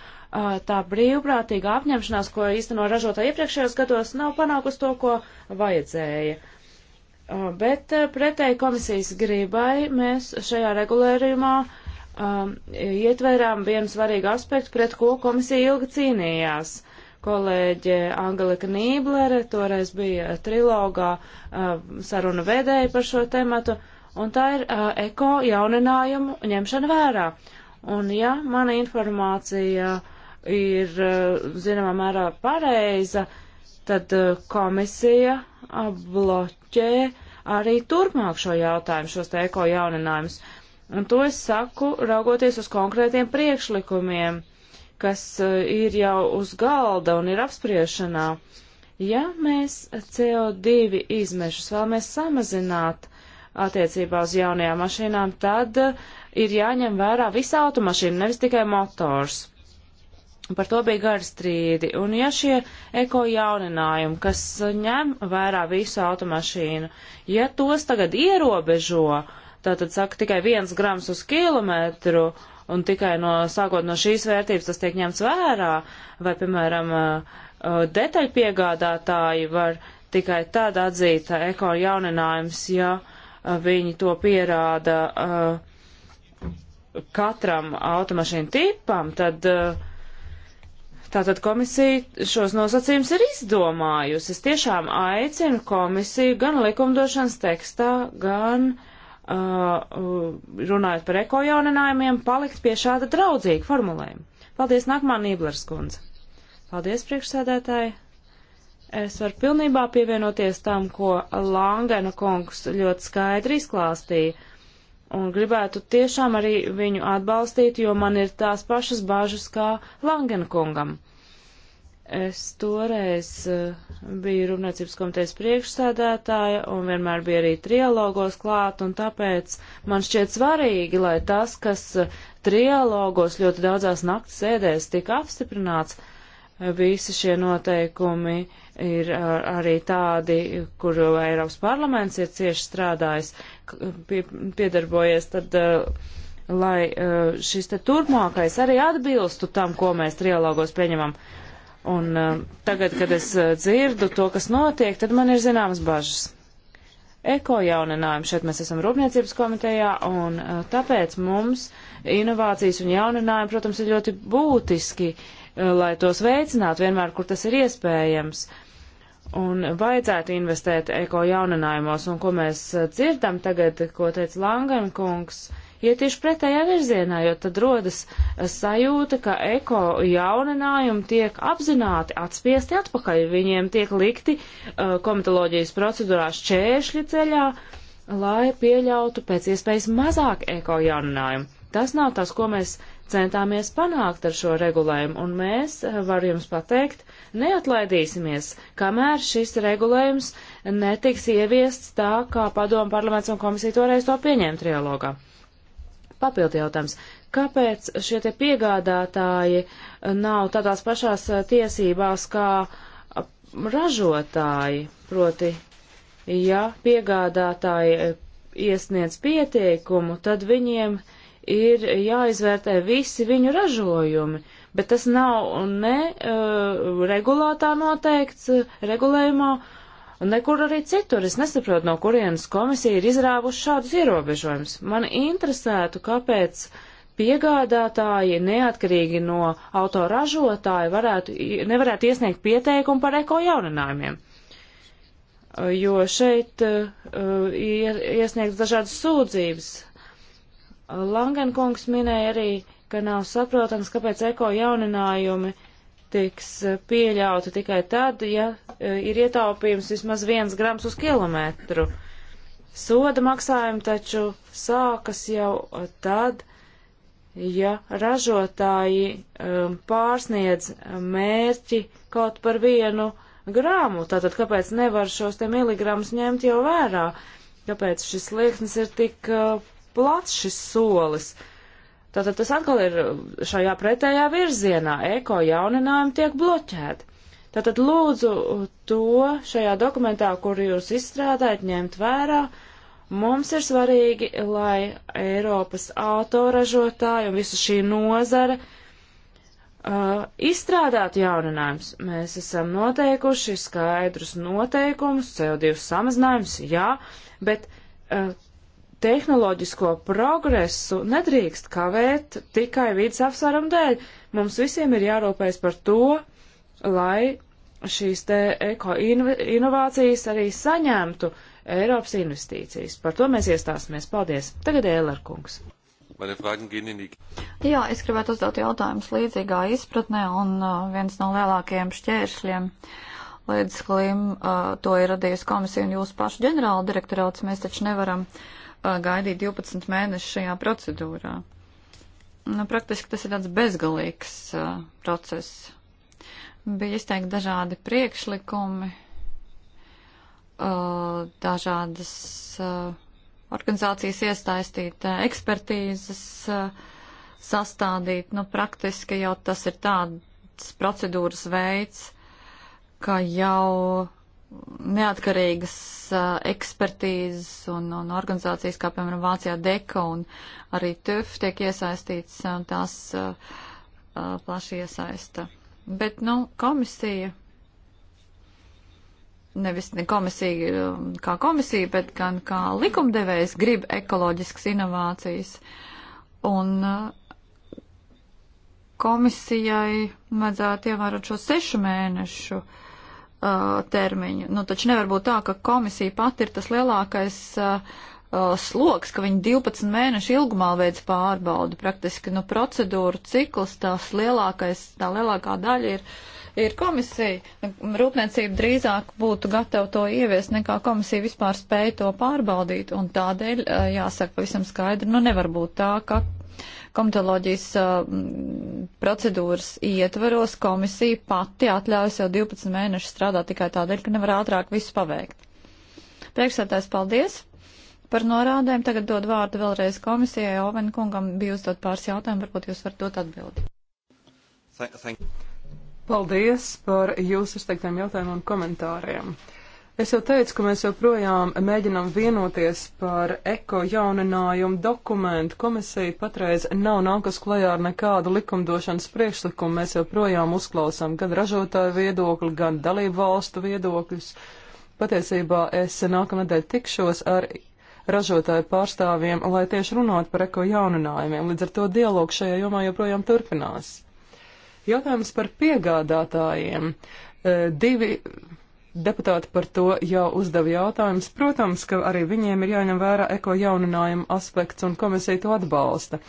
tā brīvprātīga apņemšanās, ko īsteno ražotāji iepriekšējos gados, nav panākusi to, ko vajadzēja. Bet pretēji komisijas gribai mēs šajā regulējumā um, ietvērām vienu svarīgu aspektu, pret ko komisija ilgi cīnījās. Kolēģe Angelika Nīblere toreiz bija trilogā um, sarunu vedēja par šo tematu, un tā ir uh, eko jauninājumu ņemšana vērā. Un ja mana informācija uh, ir eh, zināmā mērā pareiza, tad eh, komisija bloķē arī turpmāk šo jautājumu, šos te eko jauninājumus. Un to es saku, raugoties uz konkrētiem priekšlikumiem, kas eh, ir jau uz galda un ir apspriešanā. Ja mēs CO2 izmešus vēlamies samazināt, attiecībā uz jaunajām mašīnām, tad ir jāņem vērā visa automašīna, nevis tikai motors. Par to bija gari strīdi. Un ja šie eko jauninājumi, kas ņem vērā visu automašīnu, ja tos tagad ierobežo, tātad saka tikai viens grams uz kilometru, un tikai no, sākot no šīs vērtības tas tiek ņemts vērā, vai, piemēram, detaļpiegādātāji var tikai tad atzīt eko jauninājums, ja viņi to pierāda katram automašīnu tipam, tad uh, Tātad komisija šos nosacījumus ir izdomājusi. Es tiešām aicinu komisiju gan likumdošanas tekstā, gan uh, runājot par ekojauninājumiem, palikt pie šāda draudzīga formulējuma. Paldies, nākamā Nīblers kundze. Paldies, priekšsēdētāji. Es varu pilnībā pievienoties tam, ko Langena kungs ļoti skaidri izklāstīja un gribētu tiešām arī viņu atbalstīt, jo man ir tās pašas bāžas kā Langenkungam. Es toreiz eh, biju Rūpniecības komitejas priekšsēdētāja un vienmēr biju arī trialogos klāt, un tāpēc man šķiet svarīgi, lai tas, kas eh, trialogos ļoti daudzās naktas sēdēs tika apstiprināts, eh, visi šie noteikumi ir arī tādi, kuru Eiropas parlaments ir cieši strādājis, Eh, piedarbojies, tad eh, lai eh, šis te turpmākais arī atbilstu tam, ko mēs trialogos pieņemam. Un tagad, kad es dzirdu to, kas notiek, tad man ir zināmas bažas. Eko jauninājumu šeit mēs esam Rūpniecības komitejā, un tāpēc mums inovācijas un jauninājumi, protams, ir ļoti būtiski, lai tos veicinātu vienmēr, kur tas ir iespējams. Uh, un vajadzētu investēt eko jauninājumos, un ko mēs eh, dzirdam tagad, ko teica Langankungs, iet tieši pretējā virzienā, jo tad rodas eh, sajūta, ka eko jauninājumi tiek apzināti atspiesti atpakaļ, viņiem tiek likti uh, komitoloģijas procedūrā šķēršļi ceļā, lai pieļautu pēc iespējas mazāk eko jauninājumu. Tas nav tas, ko mēs uh, centāmies panākt ar šo regulējumu, un mēs, eh, varu jums pateikt, neatlaidīsimies, kamēr šis regulējums netiks ieviests tā, kā padomu parlaments un komisija toreiz to pieņēma trialogā. Papildi jautājums. Kāpēc šie te piegādātāji eh, nav tādās pašās eh, tiesībās kā ražotāji? Proti, ja piegādātāji iesniedz pieteikumu, tad viņiem uh, ir jāizvērtē visi viņu ražojumi, bet tas nav ne uh, regulātā noteikts, uh, regulējumā, nekur arī citur. Es nesaprotu, no kurienes komisija ir izrāvusi šādus ierobežojumus. Man interesētu, kāpēc piegādātāji neatkarīgi no autoražotāja varētu, nevarētu iesniegt pieteikumu par eko jauninājumiem jo šeit uh, uh ir iesniegts dažādas sūdzības. Langenkungs minēja arī, ka nav saprotams, kāpēc eko jauninājumi tiks eh, pieļauti tikai tad, ja eh, ir ietaupījums vismaz viens grams uz kilometru. Soda maksājumi taču sākas jau tad, ja ražotāji um, pārsniedz mērķi kaut par vienu grāmu. Tātad, kāpēc nevar šos te miligramus ņemt jau vērā? Kāpēc šis slieksnis ir tik uh, plats šis solis. Tātad tas atkal ir šajā pretējā virzienā. Eko jauninājumi tiek bloķēti. Tātad lūdzu to šajā dokumentā, kur jūs izstrādājat, ņemt vērā. Mums ir svarīgi, lai Eiropas autoražotāji un visa šī nozara uh, izstrādātu jauninājumus. Mēs esam noteikuši skaidrus noteikumus, CO2 samazinājums, jā, bet uh, tehnoloģisko progresu nedrīkst kavēt tikai vidas apsvērumu dēļ. Mums visiem ir jārūpējas par to, lai šīs te eko inovācijas arī saņemtu Eiropas investīcijas. Par to mēs iestāsimies. Paldies. Tagad Ēlerkungs. Jā, es gribētu uzdot jautājumus līdzīgā izpratnē un viens no lielākajiem šķēršļiem. Līdz klim uh, to ir radījusi komisija un jūsu pašu ģenerāla direktorāts. Mēs taču nevaram uh, gaidīt 12 mēnešus šajā procedūrā. Nu, praktiski tas ir tāds bezgalīgs uh, process. Bija izteikti dažādi priekšlikumi, uh, dažādas uh, organizācijas iesaistīt, uh, ekspertīzes uh, sastādīt. Nu, praktiski jau tas ir tāds procedūras veids, ka jau neatkarīgas uh, ekspertīzes un, un organizācijas, kā piemēram Vācijā DECO un arī TÜV tiek iesaistīts, um, tās uh, uh, plaši iesaista. Bet, nu, komisija, nevis ne komisija kā komisija, bet gan kā likumdevējs grib ekoloģiskas inovācijas. Un uh, komisijai vajadzētu ievērot šo sešu mēnešu uh, uh, termiņu. Nu, taču nevar būt tā, ka komisija pati ir tas lielākais uh, sloks, ka viņi 12 mēnešu ilgumā veids pārbaudi. Praktiski nu, procedūru cikls, tās lielākais, tā lielākā daļa ir, ir komisija. Rūpniecība drīzāk būtu gatava to ieviest, nekā komisija vispār spēja to pārbaudīt. Un tādēļ jāsaka pavisam skaidri, nu nevar būt tā, ka komitoloģijas uh, procedūras ietvaros komisija pati atļaujas jau 12 mēnešus strādāt tikai tādēļ, ka nevar ātrāk visu paveikt. Priekšsētājs, paldies! Par norādēm tagad dod vārdu vēlreiz komisijai. Oven kungam bija uzdot pāris jautājumu, varbūt jūs varat dot atbildi. Thank, thank. Paldies par jūsu izteiktiem jautājumiem un komentāriem. Uh, Es jau teicu, ka mēs joprojām mēģinām vienoties par eko jauninājumu dokumentu. Komisija patreiz nav nākas klajā ar nekādu likumdošanas priekšlikumu. Mēs joprojām uzklausām gan ražotāju viedokli, gan dalību valstu viedokļus. Patiesībā es nākamnedēļ tikšos ar ražotāju pārstāvjiem, lai tieši runātu par eko jauninājumiem. Līdz ar to dialogu šajā jomā joprojām turpinās. Jautājums par piegādātājiem. E, divi Deputāti par to jau uzdeva jautājumus. Protams, ka arī viņiem ir jāņem vērā eko jauninājuma aspekts un komisija to atbalsta.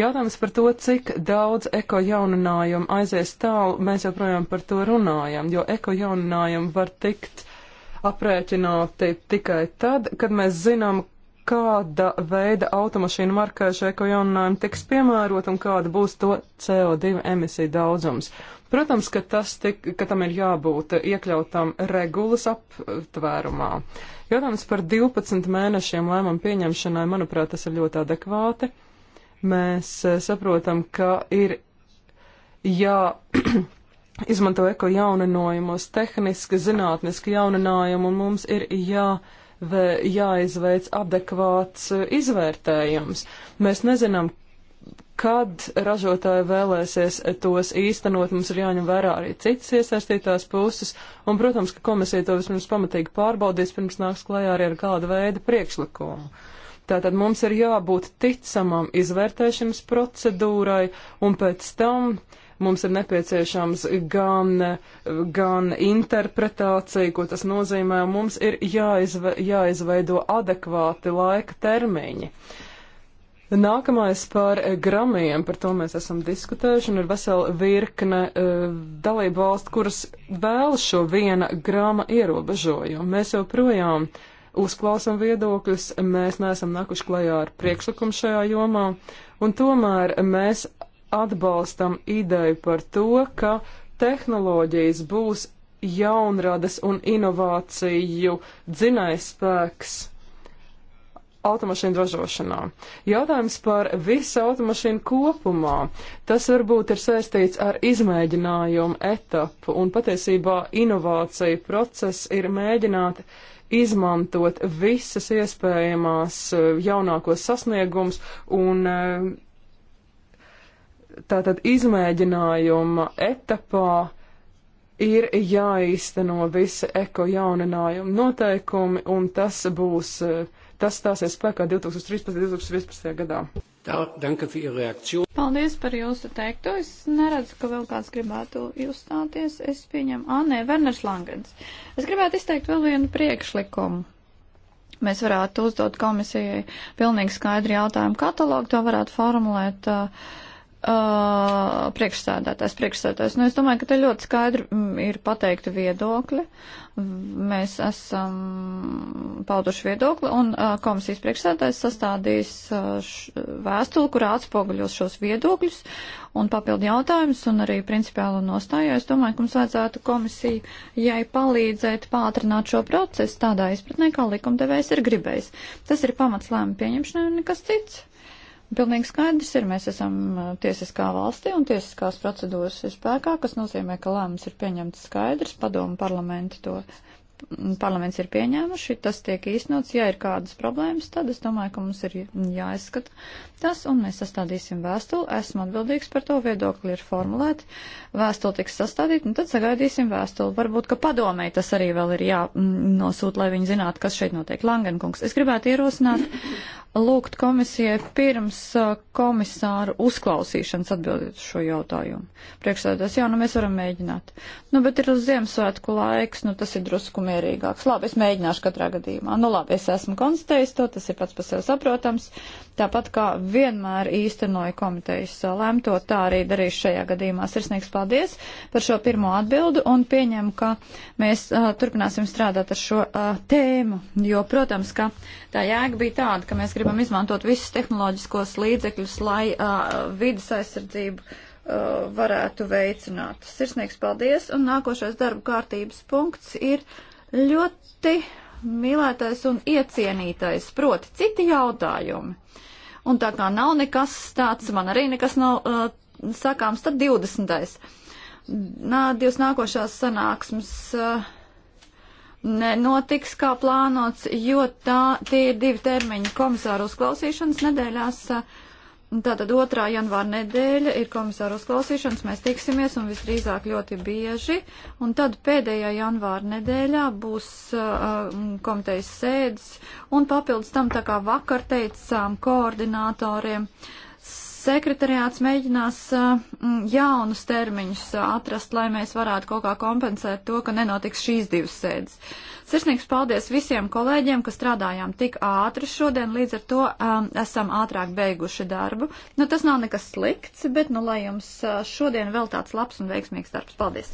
Jautājums par to, cik daudz eko jauninājumu aizies tālu, mēs joprojām par to runājam, jo eko jauninājumu var tikt aprēķināti tikai tad, kad mēs zinām, kāda veida automašīnu markēšu eko jauninājumu tiks piemērot un kāda būs to CO2 emisiju daudzums. Protams, ka, tik, ka tam ir jābūt iekļautam regulas aptvērumā. Jautājums par 12 mēnešiem lēmumu pieņemšanai, manuprāt, tas ir ļoti adekvāti. Mēs eh, saprotam, ka ir jā. izmanto eko jauninājumos, tehniski, zinātniski jauninājumu, un mums ir jā, vē, jāizveic adekvāts eh, izvērtējums. Mēs nezinām, kad ražotāji vēlēsies tos īstenot, mums ir jāņem vērā arī citas iesaistītās puses, un, protams, ka komisija to vismaz pamatīgi pārbaudīs, pirms nāks klajā arī ar kādu veidu priekšlikumu. Tātad mums ir jābūt ticamam izvērtēšanas procedūrai, un pēc tam mums ir nepieciešams gan, gan interpretācija, ko tas nozīmē, un mums ir jāizve, jāizveido adekvāti laika termiņi. Uh, Nākamais par gramiem, par to mēs esam diskutējuši, un ir vesela virkne uh, dalību valstu, kuras vēlas šo viena grama ierobežojumu. Mēs joprojām uzklausam viedokļus, mēs neesam nakuši klajā ar priekšlikumu šajā jomā, un tomēr mēs atbalstam ideju par to, ka tehnoloģijas būs jaunradas un inovāciju dzinējspēks automašīnu ražošanā. Jautājums par visu automašīnu kopumā. Tas varbūt ir saistīts ar izmēģinājumu etapu un patiesībā inovāciju process ir mēģināt izmantot visas iespējamās eh, jaunākos sasniegums un eh, tātad izmēģinājuma etapā ir jāīsteno visi eko jauninājumi noteikumi, un tas būs uh, Tas stāsies spēkā 2013. un 2015. gadā. Tā, danke für Ihre Reaktion. Paldies par jūsu teikto. Es neredzu, ka vēl kāds gribētu uzstāties. Es pieņemu, ah, nē, Werners Langens. Es gribētu izteikt vēl vienu priekšlikumu. Mēs varētu uzdot komisijai pilnīgi skaidru jautājumu katalogu, to varētu formulēt. Uh, Uh, priekšsēdētājs, priekšsēdētājs. Nu, es domāju, ka te ļoti skaidri mm, ir pateikti viedokļi. Mēs esam pauduši viedokli un uh, komisijas priekšsēdētājs sastādīs uh, š, vēstuli, kurā atspoguļos šos viedokļus un papildu jautājumus un arī principiālo nostāju. Es domāju, ka mums vajadzētu komisijai palīdzēt pātrināt šo procesu tādā izpratnē, kā likumdevējs ir gribējis. Tas ir pamats lēmumu pieņemšanai un nekas cits. Pilnīgi skaidrs ir, mēs esam uh, tiesiskā valstī un tiesiskās procedūras ir spēkā, kas nozīmē, ka lēmums ir pieņemts skaidrs, padomu parlamenti to parlaments ir pieņēmuši, tas tiek īstenots. Ja ir kādas problēmas, tad es domāju, ka mums ir jāizskata tas, un mēs sastādīsim vēstuli. Esmu atbildīgs par to, viedokli ir formulēti, vēstuli tiks sastādīta, un tad sagaidīsim vēstuli. Varbūt, ka padomēji tas arī vēl ir jānosūt, mm, lai viņi zinātu, kas šeit notiek. Langenkungs, es gribētu ierosināt, lūgt komisijai pirms uh, komisāru uzklausīšanas atbildēt šo jautājumu. Priekšsēdētājs, jā, nu mēs varam mēģināt. Nu, bet ir uz Ziemassvētku laiks, nu tas ir drusku mierīgāks. Labi, es mēģināšu katrā gadījumā. Nu labi, es esmu konstatējis to, tas ir pats par sevi saprotams. Tāpat kā vienmēr īstenoju komitejas lēmto, tā arī darīšu šajā gadījumā. Sirsnīgs paldies par šo pirmo atbildu un pieņemu, ka mēs uh, turpināsim strādāt ar šo uh, tēmu, jo, protams, ka tā jēga bija tāda, ka mēs gribam izmantot visus tehnoloģiskos līdzekļus, lai uh, vidas aizsardzību varētu veicināt. Sirsnīgs paldies, un nākošais darba kārtības punkts ir ļoti mīlētais un iecienītais, proti citi jautājumi. Un tā kā nav nekas tāds, man arī nekas nav uh, sakāms, tad 20. Nā, divas nākošās sanāksmes. Uh, nenotiks kā plānots, jo tā, tie ir divi termiņi komisāru uzklausīšanas nedēļās. Uh, Tātad 2. janvāra nedēļa ir komisāra uzklausīšanas, mēs tiksimies un visdrīzāk ļoti bieži. Un tad pēdējā janvāra nedēļā būs uh, um, komitejas sēdes un papildus tam, tā kā vakar teicām, koordinātoriem. Sekretariāts mēģinās uh, mm, jaunus termiņus uh, atrast, lai mēs varētu kaut kā kompensēt to, ka nenotiks šīs divas sēdes. Uh, Sirsnīgs paldies visiem kolēģiem, kas strādājām tik ātri šodien, līdz ar to um, esam ātrāk beiguši darbu. Nu, tas nav nekas slikts, bet, nu, lai jums uh, šodien vēl tāds labs un veiksmīgs darbs. Paldies!